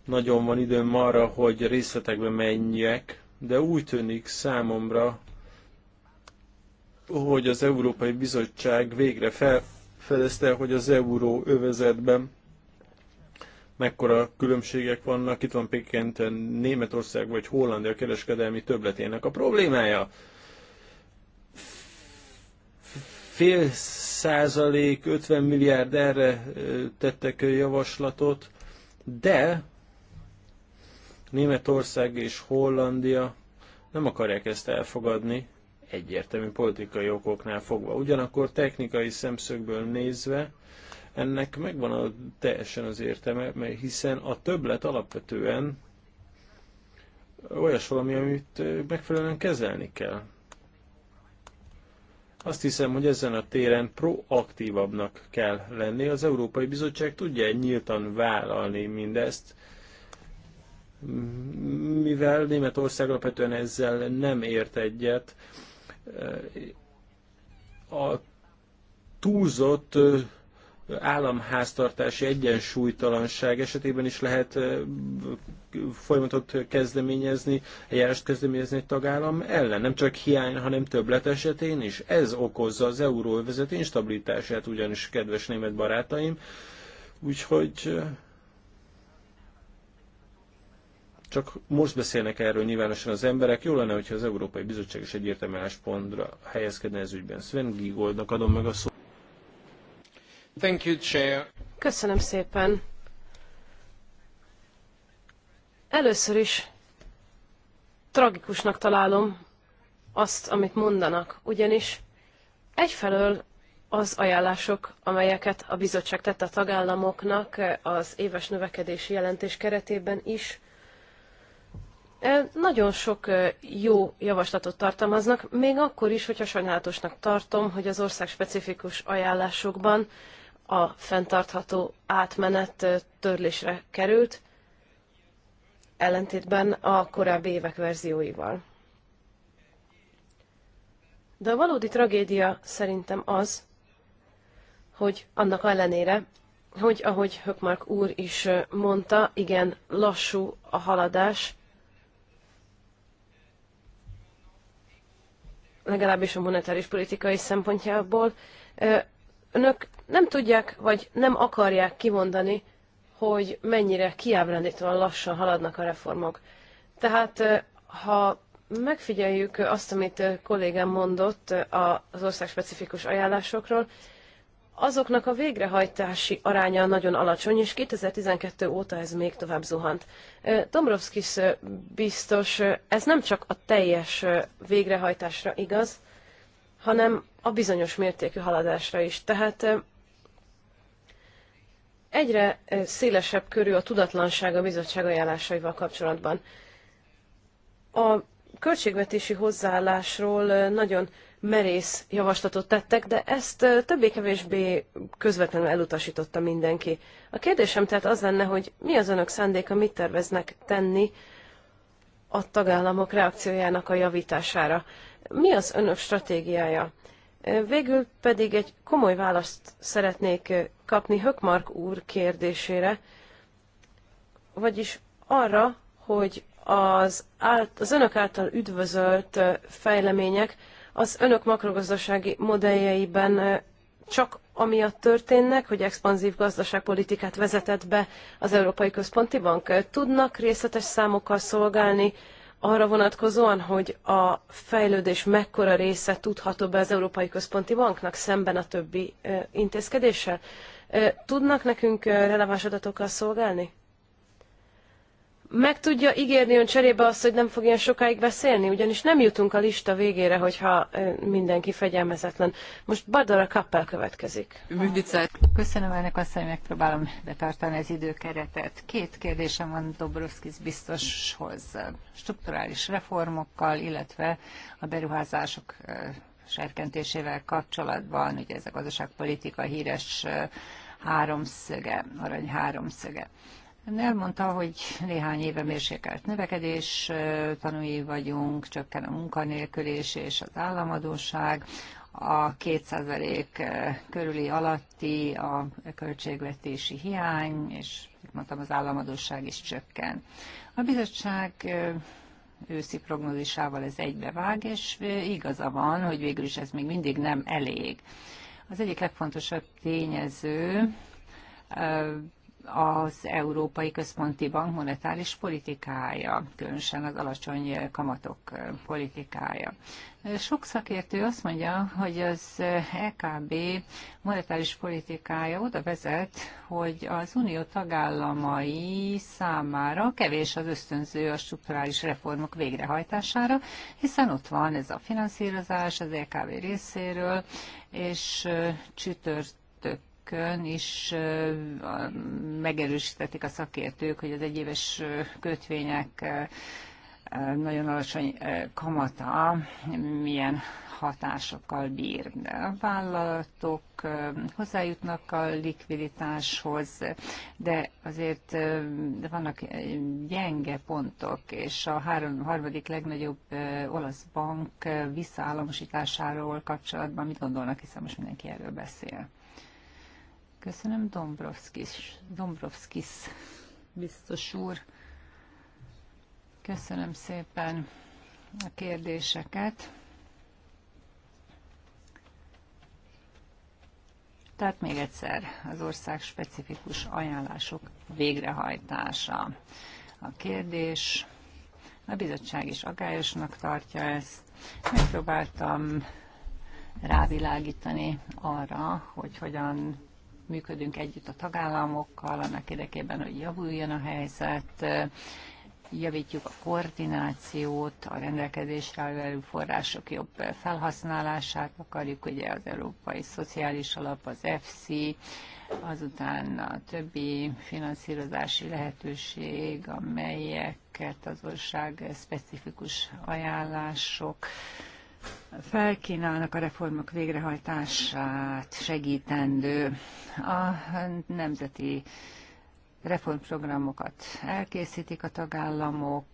nagyon van időm arra, hogy részletekbe menjek, de úgy tűnik számomra, hogy az Európai Bizottság végre felfedezte, hogy az euró övezetben mekkora különbségek vannak. Itt van például Németország vagy Hollandia kereskedelmi többletének a problémája. Fél százalék, 50 milliárd erre tettek javaslatot, de Németország és Hollandia nem akarják ezt elfogadni, egyértelmű politikai okoknál fogva. Ugyanakkor technikai szemszögből nézve ennek megvan a, teljesen az értelme, mert hiszen a többlet alapvetően olyas valami, amit megfelelően kezelni kell. Azt hiszem, hogy ezen a téren proaktívabbnak kell lenni. Az Európai Bizottság tudja nyíltan vállalni mindezt, mivel Németország alapvetően ezzel nem ért egyet. A túlzott államháztartási egyensúlytalanság esetében is lehet folyamatot kezdeményezni, eljárást kezdeményezni egy tagállam ellen, nem csak hiány, hanem többlet esetén is. Ez okozza az euróövezet instabilitását, ugyanis kedves német barátaim. Úgyhogy csak most beszélnek erről nyilvánosan az emberek. Jó lenne, hogyha az Európai Bizottság is egyértelmű álláspontra helyezkedne ez ügyben. Sven Gigoldnak adom meg a szót. Köszönöm szépen. Először is tragikusnak találom azt, amit mondanak, ugyanis egyfelől az ajánlások, amelyeket a bizottság tett a tagállamoknak az éves növekedési jelentés keretében is, e, nagyon sok e, jó javaslatot tartalmaznak, még akkor is, hogyha sajnálatosnak tartom, hogy az ország specifikus ajánlásokban a fenntartható átmenet törlésre került, ellentétben a korábbi évek verzióival. De a valódi tragédia szerintem az, hogy annak ellenére, hogy ahogy Hökmark úr is mondta, igen, lassú a haladás, legalábbis a monetáris politikai szempontjából, önök nem tudják, vagy nem akarják kimondani, hogy mennyire kiábrándítóan lassan haladnak a reformok. Tehát ha megfigyeljük azt, amit kollégám mondott az országspecifikus ajánlásokról, azoknak a végrehajtási aránya nagyon alacsony, és 2012 óta ez még tovább zuhant. Dombrovskis biztos, ez nem csak a teljes végrehajtásra igaz, hanem a bizonyos mértékű haladásra is. Tehát egyre szélesebb körű a tudatlanság a bizottság ajánlásaival kapcsolatban. A költségvetési hozzáállásról nagyon merész javaslatot tettek, de ezt többé-kevésbé közvetlenül elutasította mindenki. A kérdésem tehát az lenne, hogy mi az önök szándéka, mit terveznek tenni a tagállamok reakciójának a javítására. Mi az önök stratégiája? Végül pedig egy komoly választ szeretnék kapni Hökmark úr kérdésére, vagyis arra, hogy az, át, az önök által üdvözölt fejlemények az önök makrogazdasági modelljeiben csak amiatt történnek, hogy expanzív gazdaságpolitikát vezetett be az Európai Központi Bank. Tudnak részletes számokkal szolgálni arra vonatkozóan, hogy a fejlődés mekkora része tudható be az Európai Központi Banknak szemben a többi intézkedéssel? Tudnak nekünk releváns adatokkal szolgálni? meg tudja ígérni ön cserébe azt, hogy nem fog ilyen sokáig beszélni? Ugyanis nem jutunk a lista végére, hogyha mindenki fegyelmezetlen. Most Barbara Kappel következik. Köszönöm ennek azt, hogy megpróbálom betartani az időkeretet. Két kérdésem van Dobrovskis biztoshoz. Strukturális reformokkal, illetve a beruházások serkentésével kapcsolatban, ugye ez a gazdaságpolitika híres háromszöge, arany háromszöge. Elmondta, hogy néhány éve mérsékelt növekedés tanúi vagyunk, csökken a munkanélkülés és az államadóság, a 2% körüli alatti a költségvetési hiány, és mondtam, az államadóság is csökken. A bizottság őszi prognózisával ez egybevág, és igaza van, hogy végül is ez még mindig nem elég. Az egyik legfontosabb tényező az Európai Központi Bank monetáris politikája, különösen az alacsony kamatok politikája. Sok szakértő azt mondja, hogy az EKB monetáris politikája oda vezet, hogy az unió tagállamai számára kevés az ösztönző a strukturális reformok végrehajtására, hiszen ott van ez a finanszírozás az EKB részéről, és csütört körökön is megerősítették a szakértők, hogy az egyéves kötvények nagyon alacsony kamata milyen hatásokkal bír. A vállalatok hozzájutnak a likviditáshoz, de azért de vannak gyenge pontok, és a három, harmadik legnagyobb olasz bank visszaállamosításáról kapcsolatban mit gondolnak, hiszen most mindenki erről beszél. Köszönöm, Dombrovskis, Dombrovskis biztos úr. Köszönöm szépen a kérdéseket. Tehát még egyszer az ország specifikus ajánlások végrehajtása. A kérdés, a bizottság is agályosnak tartja ezt. Megpróbáltam rávilágítani arra, hogy hogyan működünk együtt a tagállamokkal, annak érdekében, hogy javuljon a helyzet, javítjuk a koordinációt, a rendelkezésre álló források jobb felhasználását akarjuk, ugye az Európai Szociális Alap, az EFSI, azután a többi finanszírozási lehetőség, amelyeket az ország specifikus ajánlások, felkínálnak a reformok végrehajtását segítendő a nemzeti reformprogramokat elkészítik a tagállamok,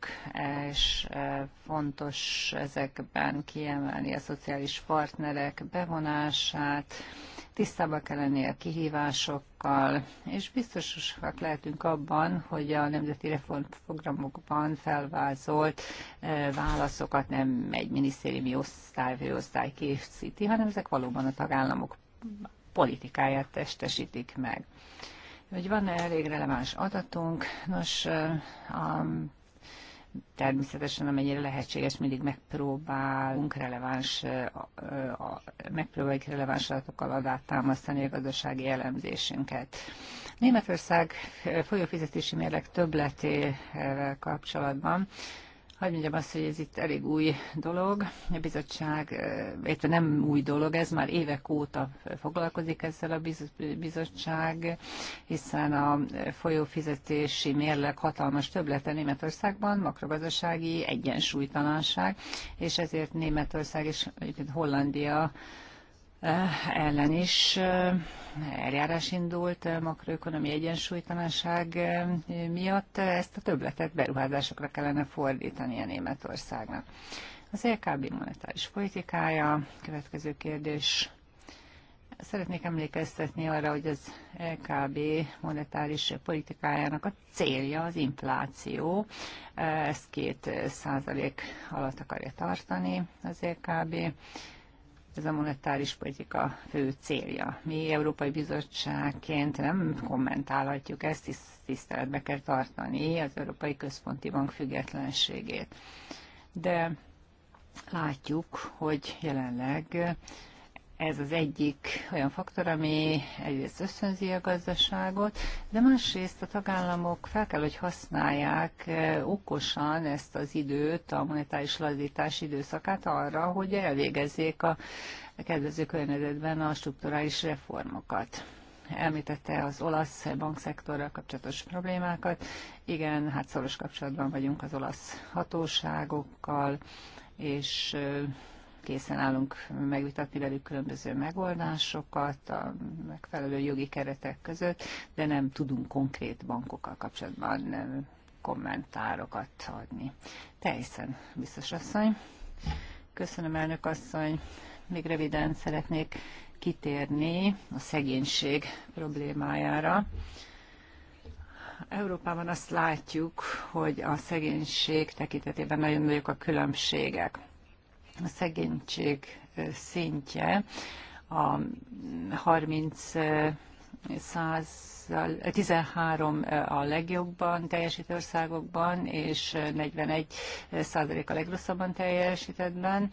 és e, fontos ezekben kiemelni a szociális partnerek bevonását, Tisztában kell lenni a kihívásokkal, és biztosak lehetünk abban, hogy a nemzeti reformprogramokban felvázolt e, válaszokat nem egy minisztériumi osztály vagy osztály készíti, hanem ezek valóban a tagállamok politikáját testesítik meg hogy van-e elég releváns adatunk. Nos, e, a természetesen amennyire lehetséges, mindig megpróbálunk releváns, megpróbáljuk releváns adatokkal támasztani a gazdasági elemzésünket. Németország folyófizetési mérleg többletével kapcsolatban hogy mondjam azt, hogy ez itt elég új dolog. A bizottság, illetve nem új dolog, ez már évek óta foglalkozik ezzel a bizottság, hiszen a folyófizetési mérleg hatalmas többlete Németországban, makrogazdasági egyensúlytalanság, és ezért Németország és Hollandia Eh, ellen is eh, eljárás indult eh, makroökonomi egyensúlytalanság miatt. Ezt a többletet beruházásokra kellene fordítani a Németországnak. Az LKB e monetáris politikája, következő kérdés. Szeretnék emlékeztetni arra, hogy az LKB e monetáris politikájának a célja az infláció. Ezt két százalék alatt akarja tartani az LKB e ez a monetáris politika fő célja. Mi Európai Bizottságként nem kommentálhatjuk ezt, hisz tiszteletbe kell tartani az Európai Központi Bank függetlenségét. De látjuk, hogy jelenleg ez az egyik olyan faktor, ami egyrészt összönzi a gazdaságot, de másrészt a tagállamok fel kell, hogy használják eh, okosan ezt az időt, a monetáris lazítás időszakát arra, hogy elvégezzék a kedvező környezetben a strukturális reformokat említette az olasz bankszektorral kapcsolatos problémákat. Igen, hát szoros kapcsolatban vagyunk az olasz hatóságokkal, és eh, készen állunk megvitatni velük különböző megoldásokat a megfelelő jogi keretek között, de nem tudunk konkrét bankokkal kapcsolatban kommentárokat adni. Teljesen biztos asszony. Köszönöm, elnök asszony. Még röviden szeretnék kitérni a szegénység problémájára. Európában azt látjuk, hogy a szegénység tekintetében nagyon nagyok a különbségek a szegénység szintje a 30 100, 13 a legjobban teljesítő országokban, és 41 százalék a legrosszabban teljesítettben.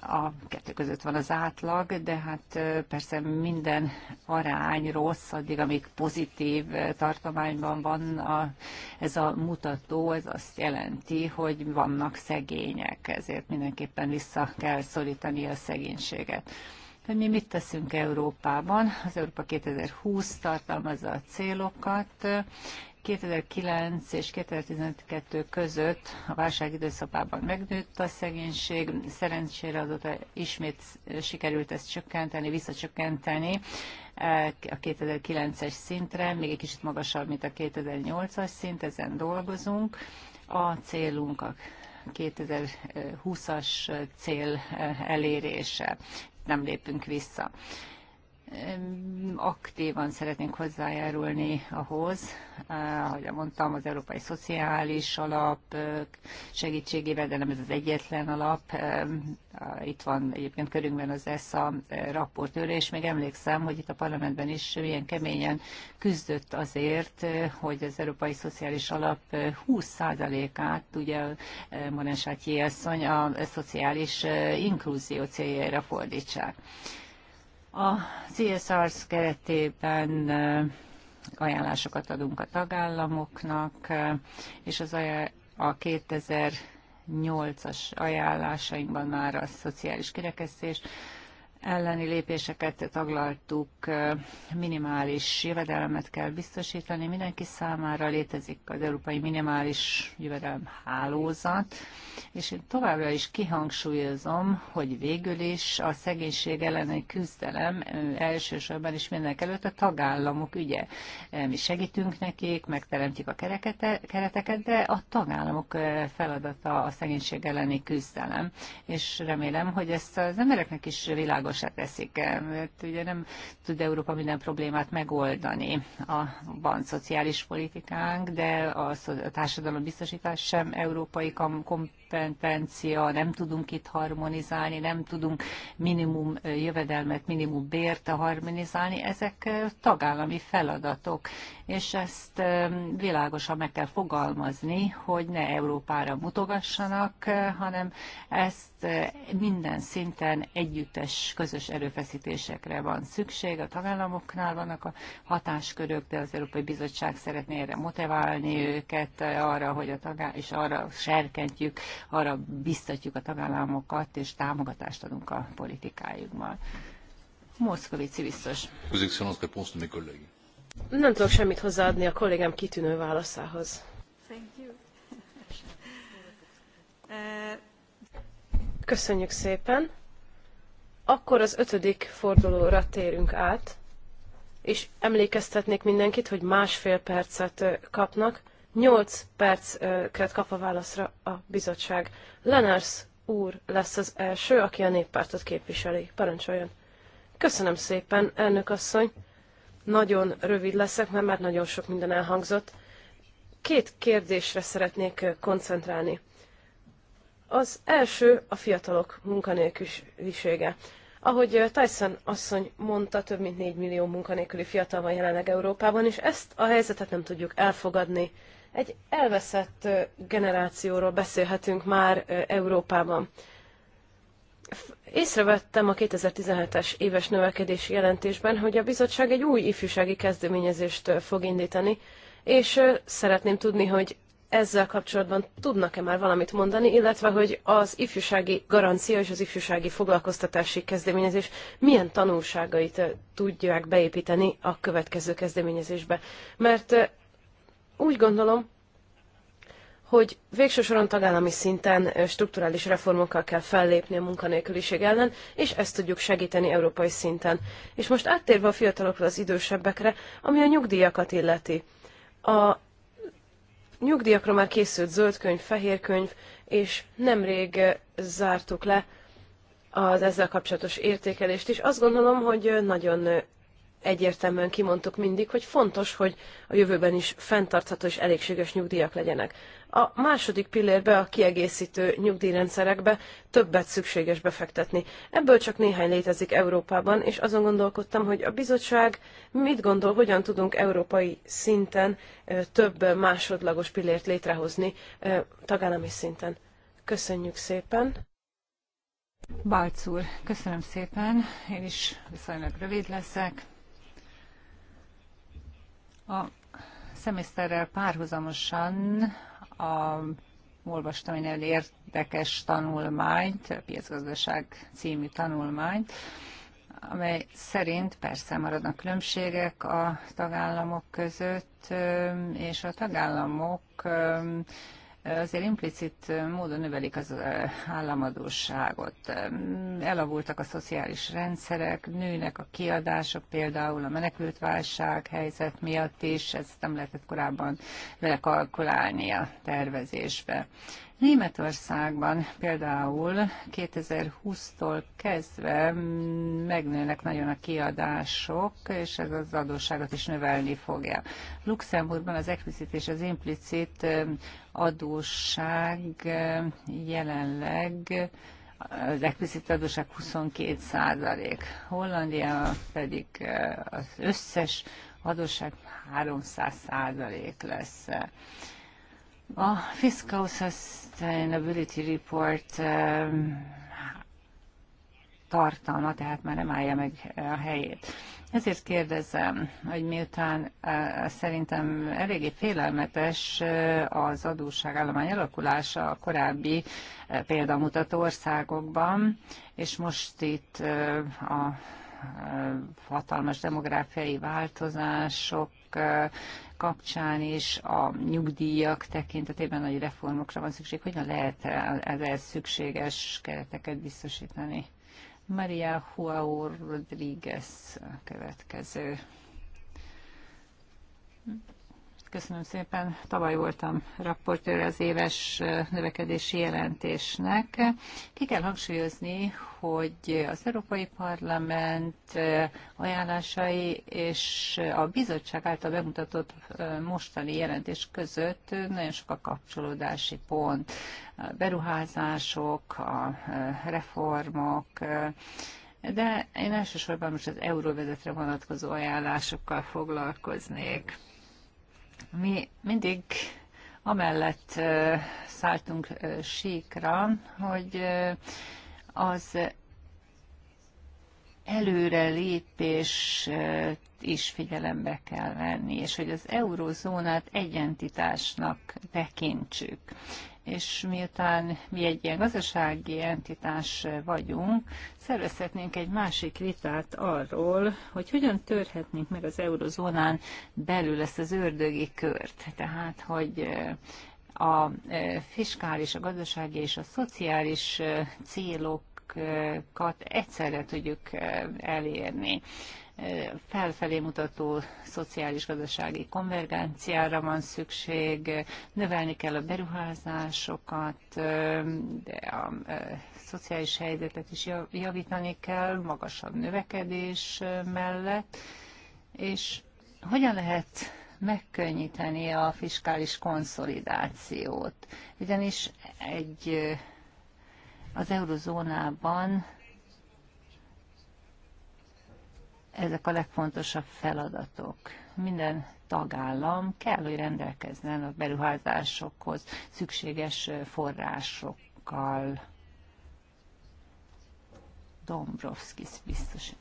A kettő között van az átlag, de hát persze minden arány rossz, addig, amíg pozitív tartományban van a, ez a mutató, ez azt jelenti, hogy vannak szegények, ezért mindenképpen vissza kell szorítani a szegénységet hogy mi mit teszünk Európában. Az Európa 2020 tartalmazza a célokat, 2009 és 2012 között a válság időszakában megnőtt a szegénység, szerencsére azóta ismét sikerült ezt csökkenteni, visszacsökkenteni eh, a 2009-es szintre, még egy kicsit magasabb, mint a 2008-as szint, ezen dolgozunk. A célunk a 2020-as cél eh, elérése nem lépünk vissza aktívan szeretnénk hozzájárulni ahhoz, eh, ahogy mondtam, az Európai Szociális Alap eh, segítségével, de nem ez az egyetlen alap. Itt van egyébként körünkben az ESZA eh, raportőre, és még emlékszem, hogy itt a parlamentben is milyen keményen küzdött azért, hogy az Európai Szociális Alap 20%-át, ugye Morán Sátyi asszony a szociális inkluzió céljára fordítsák. A CSRs keretében ajánlásokat adunk a tagállamoknak, és az a 2008-as ajánlásainkban már a szociális kirekesztés elleni lépéseket taglaltuk, minimális jövedelmet kell biztosítani mindenki számára, létezik az európai minimális jövedelem hálózat, és én továbbra is kihangsúlyozom, hogy végül is a szegénység elleni küzdelem elsősorban is mindenek előtt a tagállamok ügye. Mi segítünk nekik, megteremtjük a kereteket, de a tagállamok feladata a szegénység elleni küzdelem, és remélem, hogy ezt az embereknek is világos világosá teszik, mert ugye nem tud Európa minden problémát megoldani a van szociális politikánk, de a biztosítás sem európai kom- kompetencia, nem tudunk itt harmonizálni, nem tudunk minimum jövedelmet, minimum bért harmonizálni, ezek tagállami feladatok, és ezt világosan meg kell fogalmazni, hogy ne Európára mutogassanak, hanem ezt minden szinten együttes közös erőfeszítésekre van szükség. A tagállamoknál vannak a hatáskörök, de az Európai Bizottság szeretné erre motiválni őket arra, hogy a tagállam, és arra serkentjük arra biztatjuk a tagállamokat, és támogatást adunk a politikájukban. Moszkovici biztos. Nem tudok semmit hozzáadni a kollégám kitűnő válaszához. Uh, Köszönjük szépen. Akkor az ötödik fordulóra térünk át, és emlékeztetnék mindenkit, hogy másfél percet kapnak, 8 percet kap a válaszra a bizottság. Lenners úr lesz az első, aki a néppártot képviseli. Parancsoljon. Köszönöm szépen, elnök asszony. Nagyon rövid leszek, mert már nagyon sok minden elhangzott. Két kérdésre szeretnék koncentrálni. Az első a fiatalok munkanélkülisége. Ahogy Tyson asszony mondta, több mint 4 millió munkanélküli fiatal van jelenleg Európában, és ezt a helyzetet nem tudjuk elfogadni. Egy elveszett generációról beszélhetünk már Európában. Észrevettem a 2017-es éves növekedési jelentésben, hogy a bizottság egy új ifjúsági kezdeményezést fog indítani, és szeretném tudni, hogy ezzel kapcsolatban tudnak-e már valamit mondani, illetve hogy az ifjúsági garancia és az ifjúsági foglalkoztatási kezdeményezés milyen tanulságait tudják beépíteni a következő kezdeményezésbe. Mert úgy gondolom, hogy végső soron tagállami szinten strukturális reformokkal kell fellépni a munkanélküliség ellen, és ezt tudjuk segíteni európai szinten. És most áttérve a fiatalokra az idősebbekre, ami a nyugdíjakat illeti. A nyugdíjakra már készült zöld könyv, fehér könyv, és nemrég zártuk le az ezzel kapcsolatos értékelést is. Azt gondolom, hogy nagyon egyértelműen kimondtuk mindig, hogy fontos, hogy a jövőben is fenntartható és elégséges nyugdíjak legyenek. A második pillérbe, a kiegészítő nyugdíjrendszerekbe többet szükséges befektetni. Ebből csak néhány létezik Európában, és azon gondolkodtam, hogy a bizottság mit gondol, hogyan tudunk európai szinten több másodlagos pillért létrehozni tagállami szinten. Köszönjük szépen! Balc úr, köszönöm szépen. Én is viszonylag rövid leszek. A szemeszterrel párhuzamosan a, olvastam egy nagyon érdekes tanulmányt, piacgazdaság című tanulmányt, amely szerint persze maradnak különbségek a tagállamok között, és a tagállamok azért implicit módon növelik az államadóságot. Elavultak a szociális rendszerek, nőnek a kiadások, például a menekültválság helyzet miatt is, ezt nem lehetett korábban belekalkulálni a tervezésbe. Németországban például 2020-tól kezdve megnőnek nagyon a kiadások, és ez az adósságot is növelni fogja. Luxemburgban az explicit és az implicit um, adósság um, jelenleg uh, az explicit adóság 22 százalék, Hollandia pedig uh, az összes adósság 300 százalék lesz. A Fiscal Sustainability Report um, tartalma, tehát már nem állja meg uh, a helyét. Ezért kérdezem, hogy miután uh, szerintem eléggé félelmetes uh, az adósságállomány alakulása a korábbi példamutató országokban, és most itt a hatalmas demográfiai változások kapcsán és a nyugdíjak tekintetében nagy reformokra van szükség. Hogyan lehet ehhez szükséges kereteket biztosítani? Maria Joao Rodriguez következő. Köszönöm szépen. Tavaly voltam raportőr az éves növekedési jelentésnek. Ki kell hangsúlyozni, hogy az Európai Parlament ajánlásai és a bizottság által bemutatott mostani jelentés között nagyon sok a kapcsolódási pont. A beruházások, a reformok, de én elsősorban most az euróvezetre vonatkozó ajánlásokkal foglalkoznék. Mi mindig amellett szálltunk síkra, hogy az előrelépés is figyelembe kell venni, és hogy az eurozónát egyentitásnak tekintsük és miután mi egy ilyen gazdasági entitás vagyunk, szervezhetnénk egy másik vitát arról, hogy hogyan törhetnénk meg az eurozónán belül ezt az ördögi kört. Tehát, hogy eh, a eh, fiskális, a gazdasági és a szociális eh, célokat egyszerre tudjuk elérni felfelé mutató szociális-gazdasági konvergenciára van szükség, növelni kell a beruházásokat, de a szociális helyzetet is javítani kell magasabb növekedés mellett, és hogyan lehet megkönnyíteni a fiskális konszolidációt, ugyanis egy az eurozónában Ezek a legfontosabb feladatok. Minden tagállam kell, hogy rendelkezzen a beruházásokhoz szükséges forrásokkal. Dombrovskis biztos.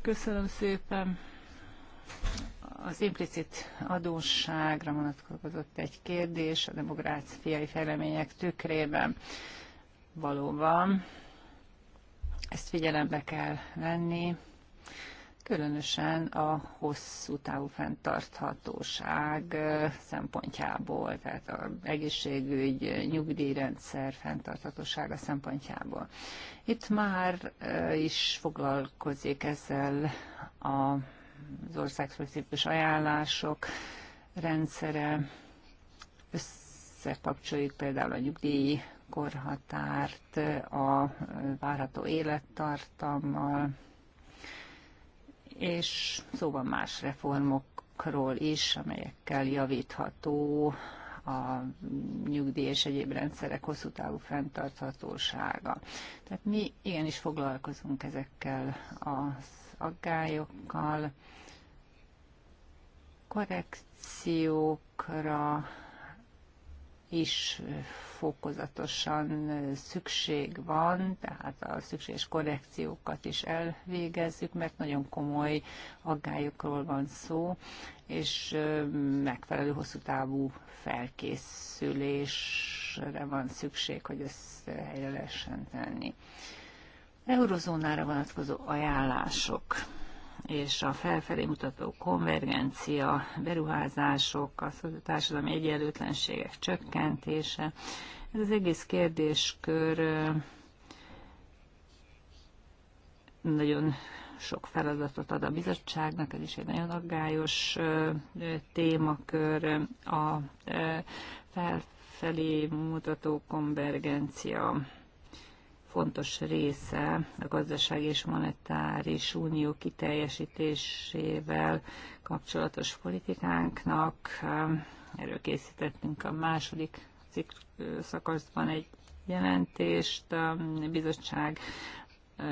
Köszönöm szépen. Az implicit adósságra vonatkozott egy kérdés a demográfiai fejlemények tükrében. Valóban ezt figyelembe kell venni, különösen a hosszú távú fenntarthatóság szempontjából, tehát az egészségügy, nyugdíjrendszer fenntarthatósága szempontjából. Itt már is foglalkozik ezzel az országspecifikus ajánlások rendszere, összekapcsoljuk például a nyugdíj korhatárt a várható élettartammal, és szóban más reformokról is, amelyekkel javítható a nyugdíj és egyéb rendszerek hosszú távú fenntarthatósága. Tehát mi igenis foglalkozunk ezekkel az aggályokkal, korrekciókra is fokozatosan szükség van, tehát a szükséges korrekciókat is elvégezzük, mert nagyon komoly aggályokról van szó, és megfelelő hosszú távú felkészülésre van szükség, hogy ezt helyre lehessen tenni. Eurozónára vonatkozó ajánlások és a felfelé mutató konvergencia, beruházások, a társadalmi egyenlőtlenségek csökkentése. Ez az egész kérdéskör nagyon sok feladatot ad a bizottságnak, ez is egy nagyon aggályos témakör. A felfelé mutató konvergencia fontos része a gazdasági és monetáris unió kiteljesítésével kapcsolatos politikánknak. Erről készítettünk a második cikk szakaszban egy jelentést. A bizottság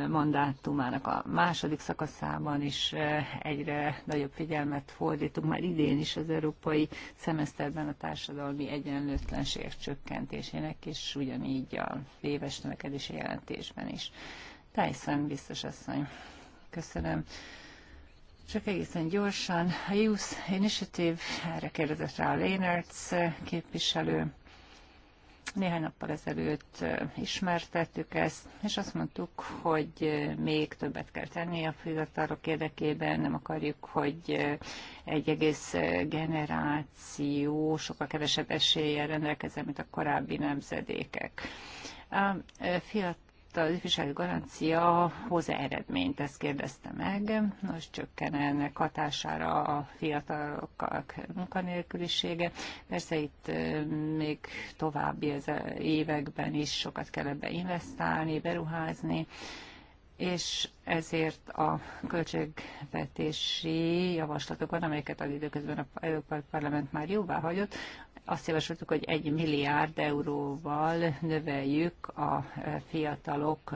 mandátumának a második szakaszában is egyre nagyobb figyelmet fordítunk, már idén is az európai szemeszterben a társadalmi egyenlőtlenség csökkentésének, és ugyanígy a éves növekedési jelentésben is. Tyson biztos asszony. Köszönöm. Csak egészen gyorsan. A Youth Initiative, erre kérdezett rá a Lénertz képviselő. Néhány nappal ezelőtt ismertettük ezt, és azt mondtuk, hogy még többet kell tenni a fiatalok érdekében, nem akarjuk, hogy egy egész generáció sokkal kevesebb eséllyel rendelkezzen, mint a korábbi nemzedékek. A fiatal itt az ifjúsági garancia hoz-e eredményt, ezt kérdezte meg. Most csökken ennek hatására a fiatalok munkanélkülisége. Persze itt még további ez években is sokat kell ebbe investálni, beruházni és ezért a költségvetési javaslatokon, amelyeket az időközben a Európai Parlament már jóvá hagyott, azt javasoltuk, hogy egy milliárd euróval növeljük a fiatalok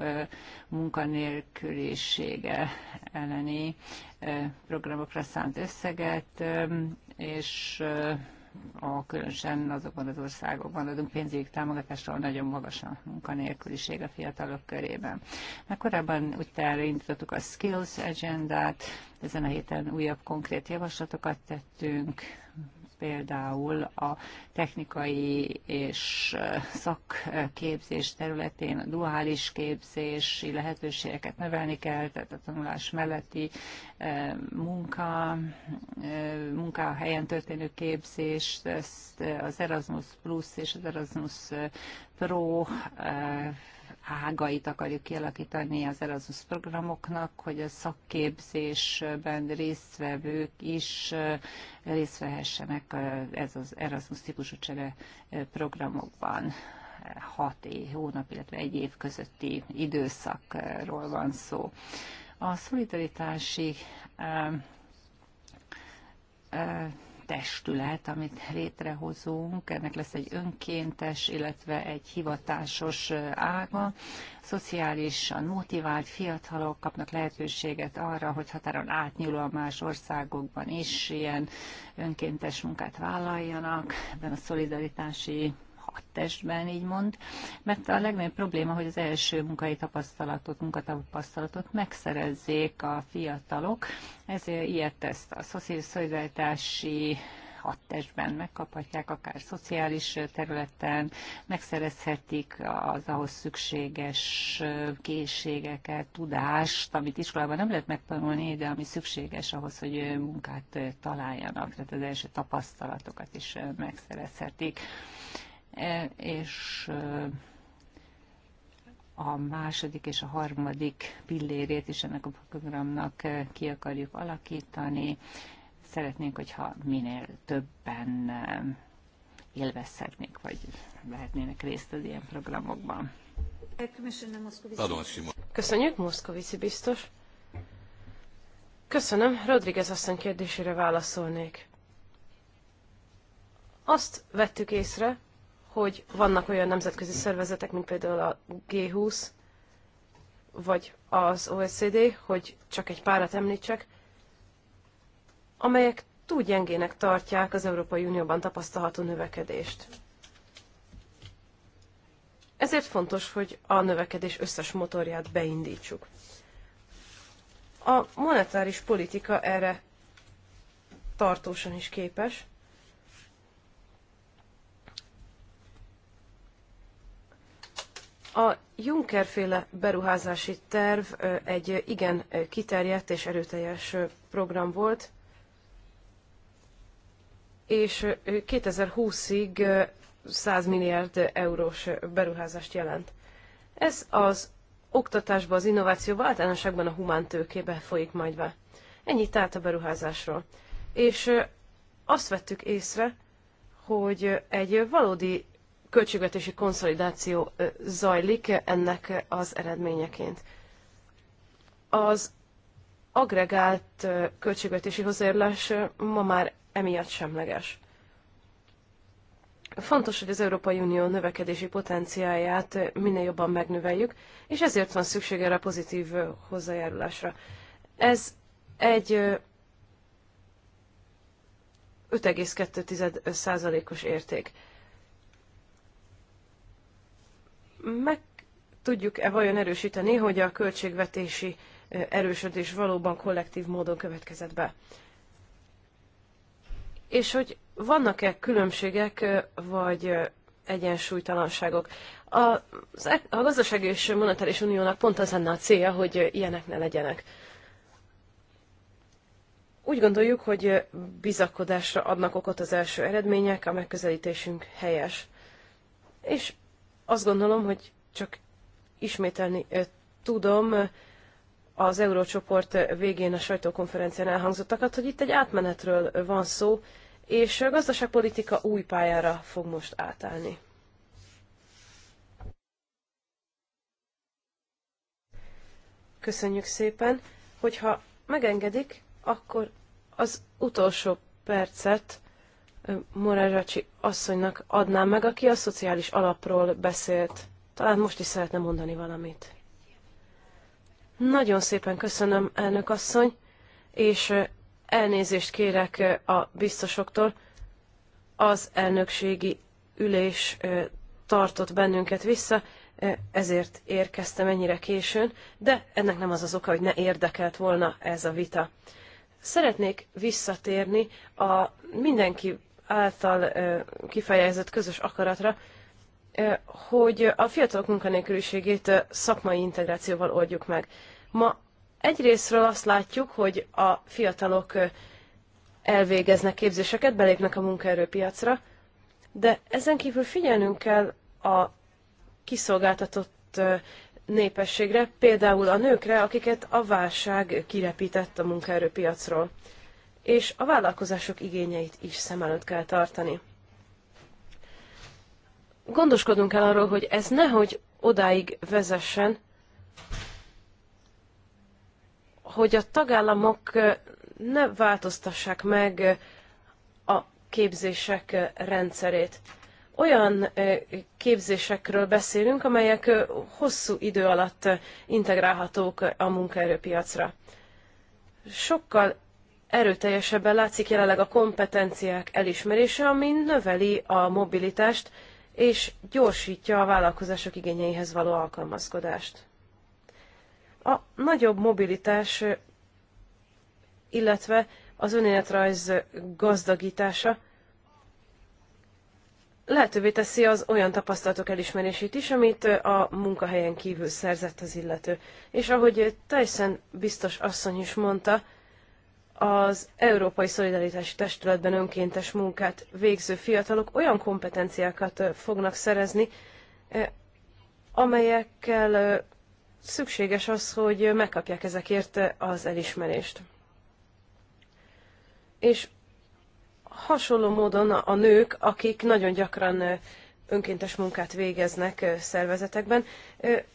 munkanélkülisége elleni programokra szánt összeget, és a, különösen azokban az országokban adunk pénzügyi támogatásra, nagyon magas a munkanélküliség a fiatalok körében. Már korábban úgy elindítottuk a Skills Agendát, ezen a héten újabb konkrét javaslatokat tettünk, például a technikai és szakképzés területén a duális képzési lehetőségeket növelni kell, tehát a tanulás melletti munka, munkahelyen történő képzés, ezt az Erasmus Plus és az Erasmus Pro ágait akarjuk kialakítani az Erasmus programoknak, hogy a szakképzésben résztvevők is részt vehessenek ez az Erasmus típusú csere programokban. Hat év, hónap, illetve egy év közötti időszakról van szó. A szolidaritási testület, amit létrehozunk. Ennek lesz egy önkéntes, illetve egy hivatásos ága. Szociálisan motivált fiatalok kapnak lehetőséget arra, hogy határon a más országokban is ilyen önkéntes munkát vállaljanak. Ebben a szolidaritási testben, így mond, mert a legnagyobb probléma, hogy az első munkai tapasztalatot, munkatapasztalatot megszerezzék a fiatalok, ezért ilyet ezt a szociális hat testben megkaphatják, akár szociális területen, megszerezhetik az ahhoz szükséges készségeket, tudást, amit iskolában nem lehet megtanulni, de ami szükséges ahhoz, hogy munkát találjanak, tehát az első tapasztalatokat is megszerezhetik. E, és a második és a harmadik pillérét is ennek a programnak ki akarjuk alakítani. Szeretnénk, hogyha minél többen élvezhetnék, vagy lehetnének részt az ilyen programokban. Köszönjük, Moszkovici biztos. Köszönöm, Rodriguez asszony kérdésére válaszolnék. Azt vettük észre, hogy vannak olyan nemzetközi szervezetek, mint például a G20, vagy az OECD, hogy csak egy párat említsek, amelyek túl gyengének tartják az Európai Unióban tapasztalható növekedést. Ezért fontos, hogy a növekedés összes motorját beindítsuk. A monetáris politika erre tartósan is képes, A Juncker-féle beruházási terv egy igen kiterjedt és erőteljes program volt, és 2020-ig 100 milliárd eurós beruházást jelent. Ez az oktatásba, az innovációba, általánosságban a humántőkébe folyik majd be. Ennyit tehát a beruházásról. És azt vettük észre, hogy egy valódi költségvetési konszolidáció zajlik ennek az eredményeként. Az agregált költségvetési hozzájárulás ma már emiatt semleges. Fontos, hogy az Európai Unió növekedési potenciáját minél jobban megnöveljük, és ezért van szükség erre a pozitív hozzájárulásra. Ez egy 5,2%-os érték. meg tudjuk-e vajon erősíteni, hogy a költségvetési erősödés valóban kollektív módon következett be. És hogy vannak-e különbségek, vagy egyensúlytalanságok. E- a, a gazdaság és monetáris uniónak pont az lenne a célja, hogy ilyenek ne legyenek. Úgy gondoljuk, hogy bizakodásra adnak okot az első eredmények, a megközelítésünk helyes. És azt gondolom, hogy csak ismételni tudom az Eurócsoport végén a sajtókonferencián elhangzottakat, hogy itt egy átmenetről van szó, és a gazdaságpolitika új pályára fog most átállni. Köszönjük szépen. Hogyha megengedik, akkor az utolsó percet Moráracsi asszonynak adnám meg, aki a szociális alapról beszélt. Talán most is szeretne mondani valamit. Nagyon szépen köszönöm, elnök asszony, és elnézést kérek a biztosoktól. Az elnökségi ülés tartott bennünket vissza, ezért érkeztem ennyire későn, de ennek nem az az oka, hogy ne érdekelt volna ez a vita. Szeretnék visszatérni a mindenki által kifejezett közös akaratra, hogy a fiatalok munkanélküliségét szakmai integrációval oldjuk meg. Ma egyrésztről azt látjuk, hogy a fiatalok elvégeznek képzéseket, belépnek a munkaerőpiacra, de ezen kívül figyelnünk kell a kiszolgáltatott népességre, például a nőkre, akiket a válság kirepített a munkaerőpiacról és a vállalkozások igényeit is szem előtt kell tartani. Gondoskodunk kell arról, hogy ez nehogy odáig vezessen, hogy a tagállamok ne változtassák meg a képzések rendszerét. Olyan képzésekről beszélünk, amelyek hosszú idő alatt integrálhatók a munkaerőpiacra. Sokkal erőteljesebben látszik jelenleg a kompetenciák elismerése, ami növeli a mobilitást és gyorsítja a vállalkozások igényeihez való alkalmazkodást. A nagyobb mobilitás, illetve az önéletrajz gazdagítása lehetővé teszi az olyan tapasztalatok elismerését is, amit a munkahelyen kívül szerzett az illető. És ahogy Tyson biztos asszony is mondta, az Európai Szolidaritási Testületben önkéntes munkát végző fiatalok olyan kompetenciákat fognak szerezni, amelyekkel szükséges az, hogy megkapják ezekért az elismerést. És hasonló módon a nők, akik nagyon gyakran önkéntes munkát végeznek szervezetekben,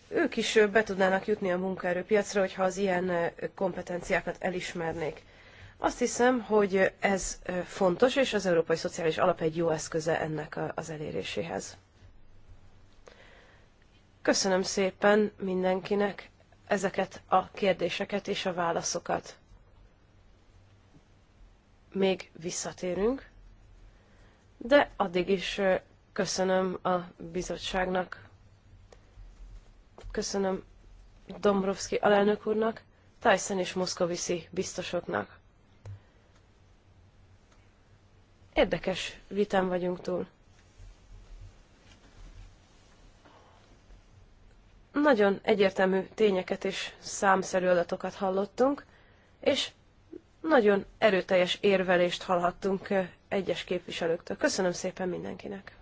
ők is be tudnának jutni a munkaerőpiacra, hogyha az ilyen kompetenciákat elismernék. Azt hiszem, hogy ez fontos, és az Európai Szociális Alap egy jó eszköze ennek az eléréséhez. Köszönöm szépen mindenkinek ezeket a kérdéseket és a válaszokat. Még visszatérünk, de addig is köszönöm a bizottságnak, köszönöm Dombrovski alelnök úrnak, Tyson és Moszkoviszi biztosoknak. Érdekes vitán vagyunk túl. Nagyon egyértelmű tényeket és számszerű adatokat hallottunk, és nagyon erőteljes érvelést hallhattunk eh, egyes képviselőktől. Köszönöm szépen mindenkinek!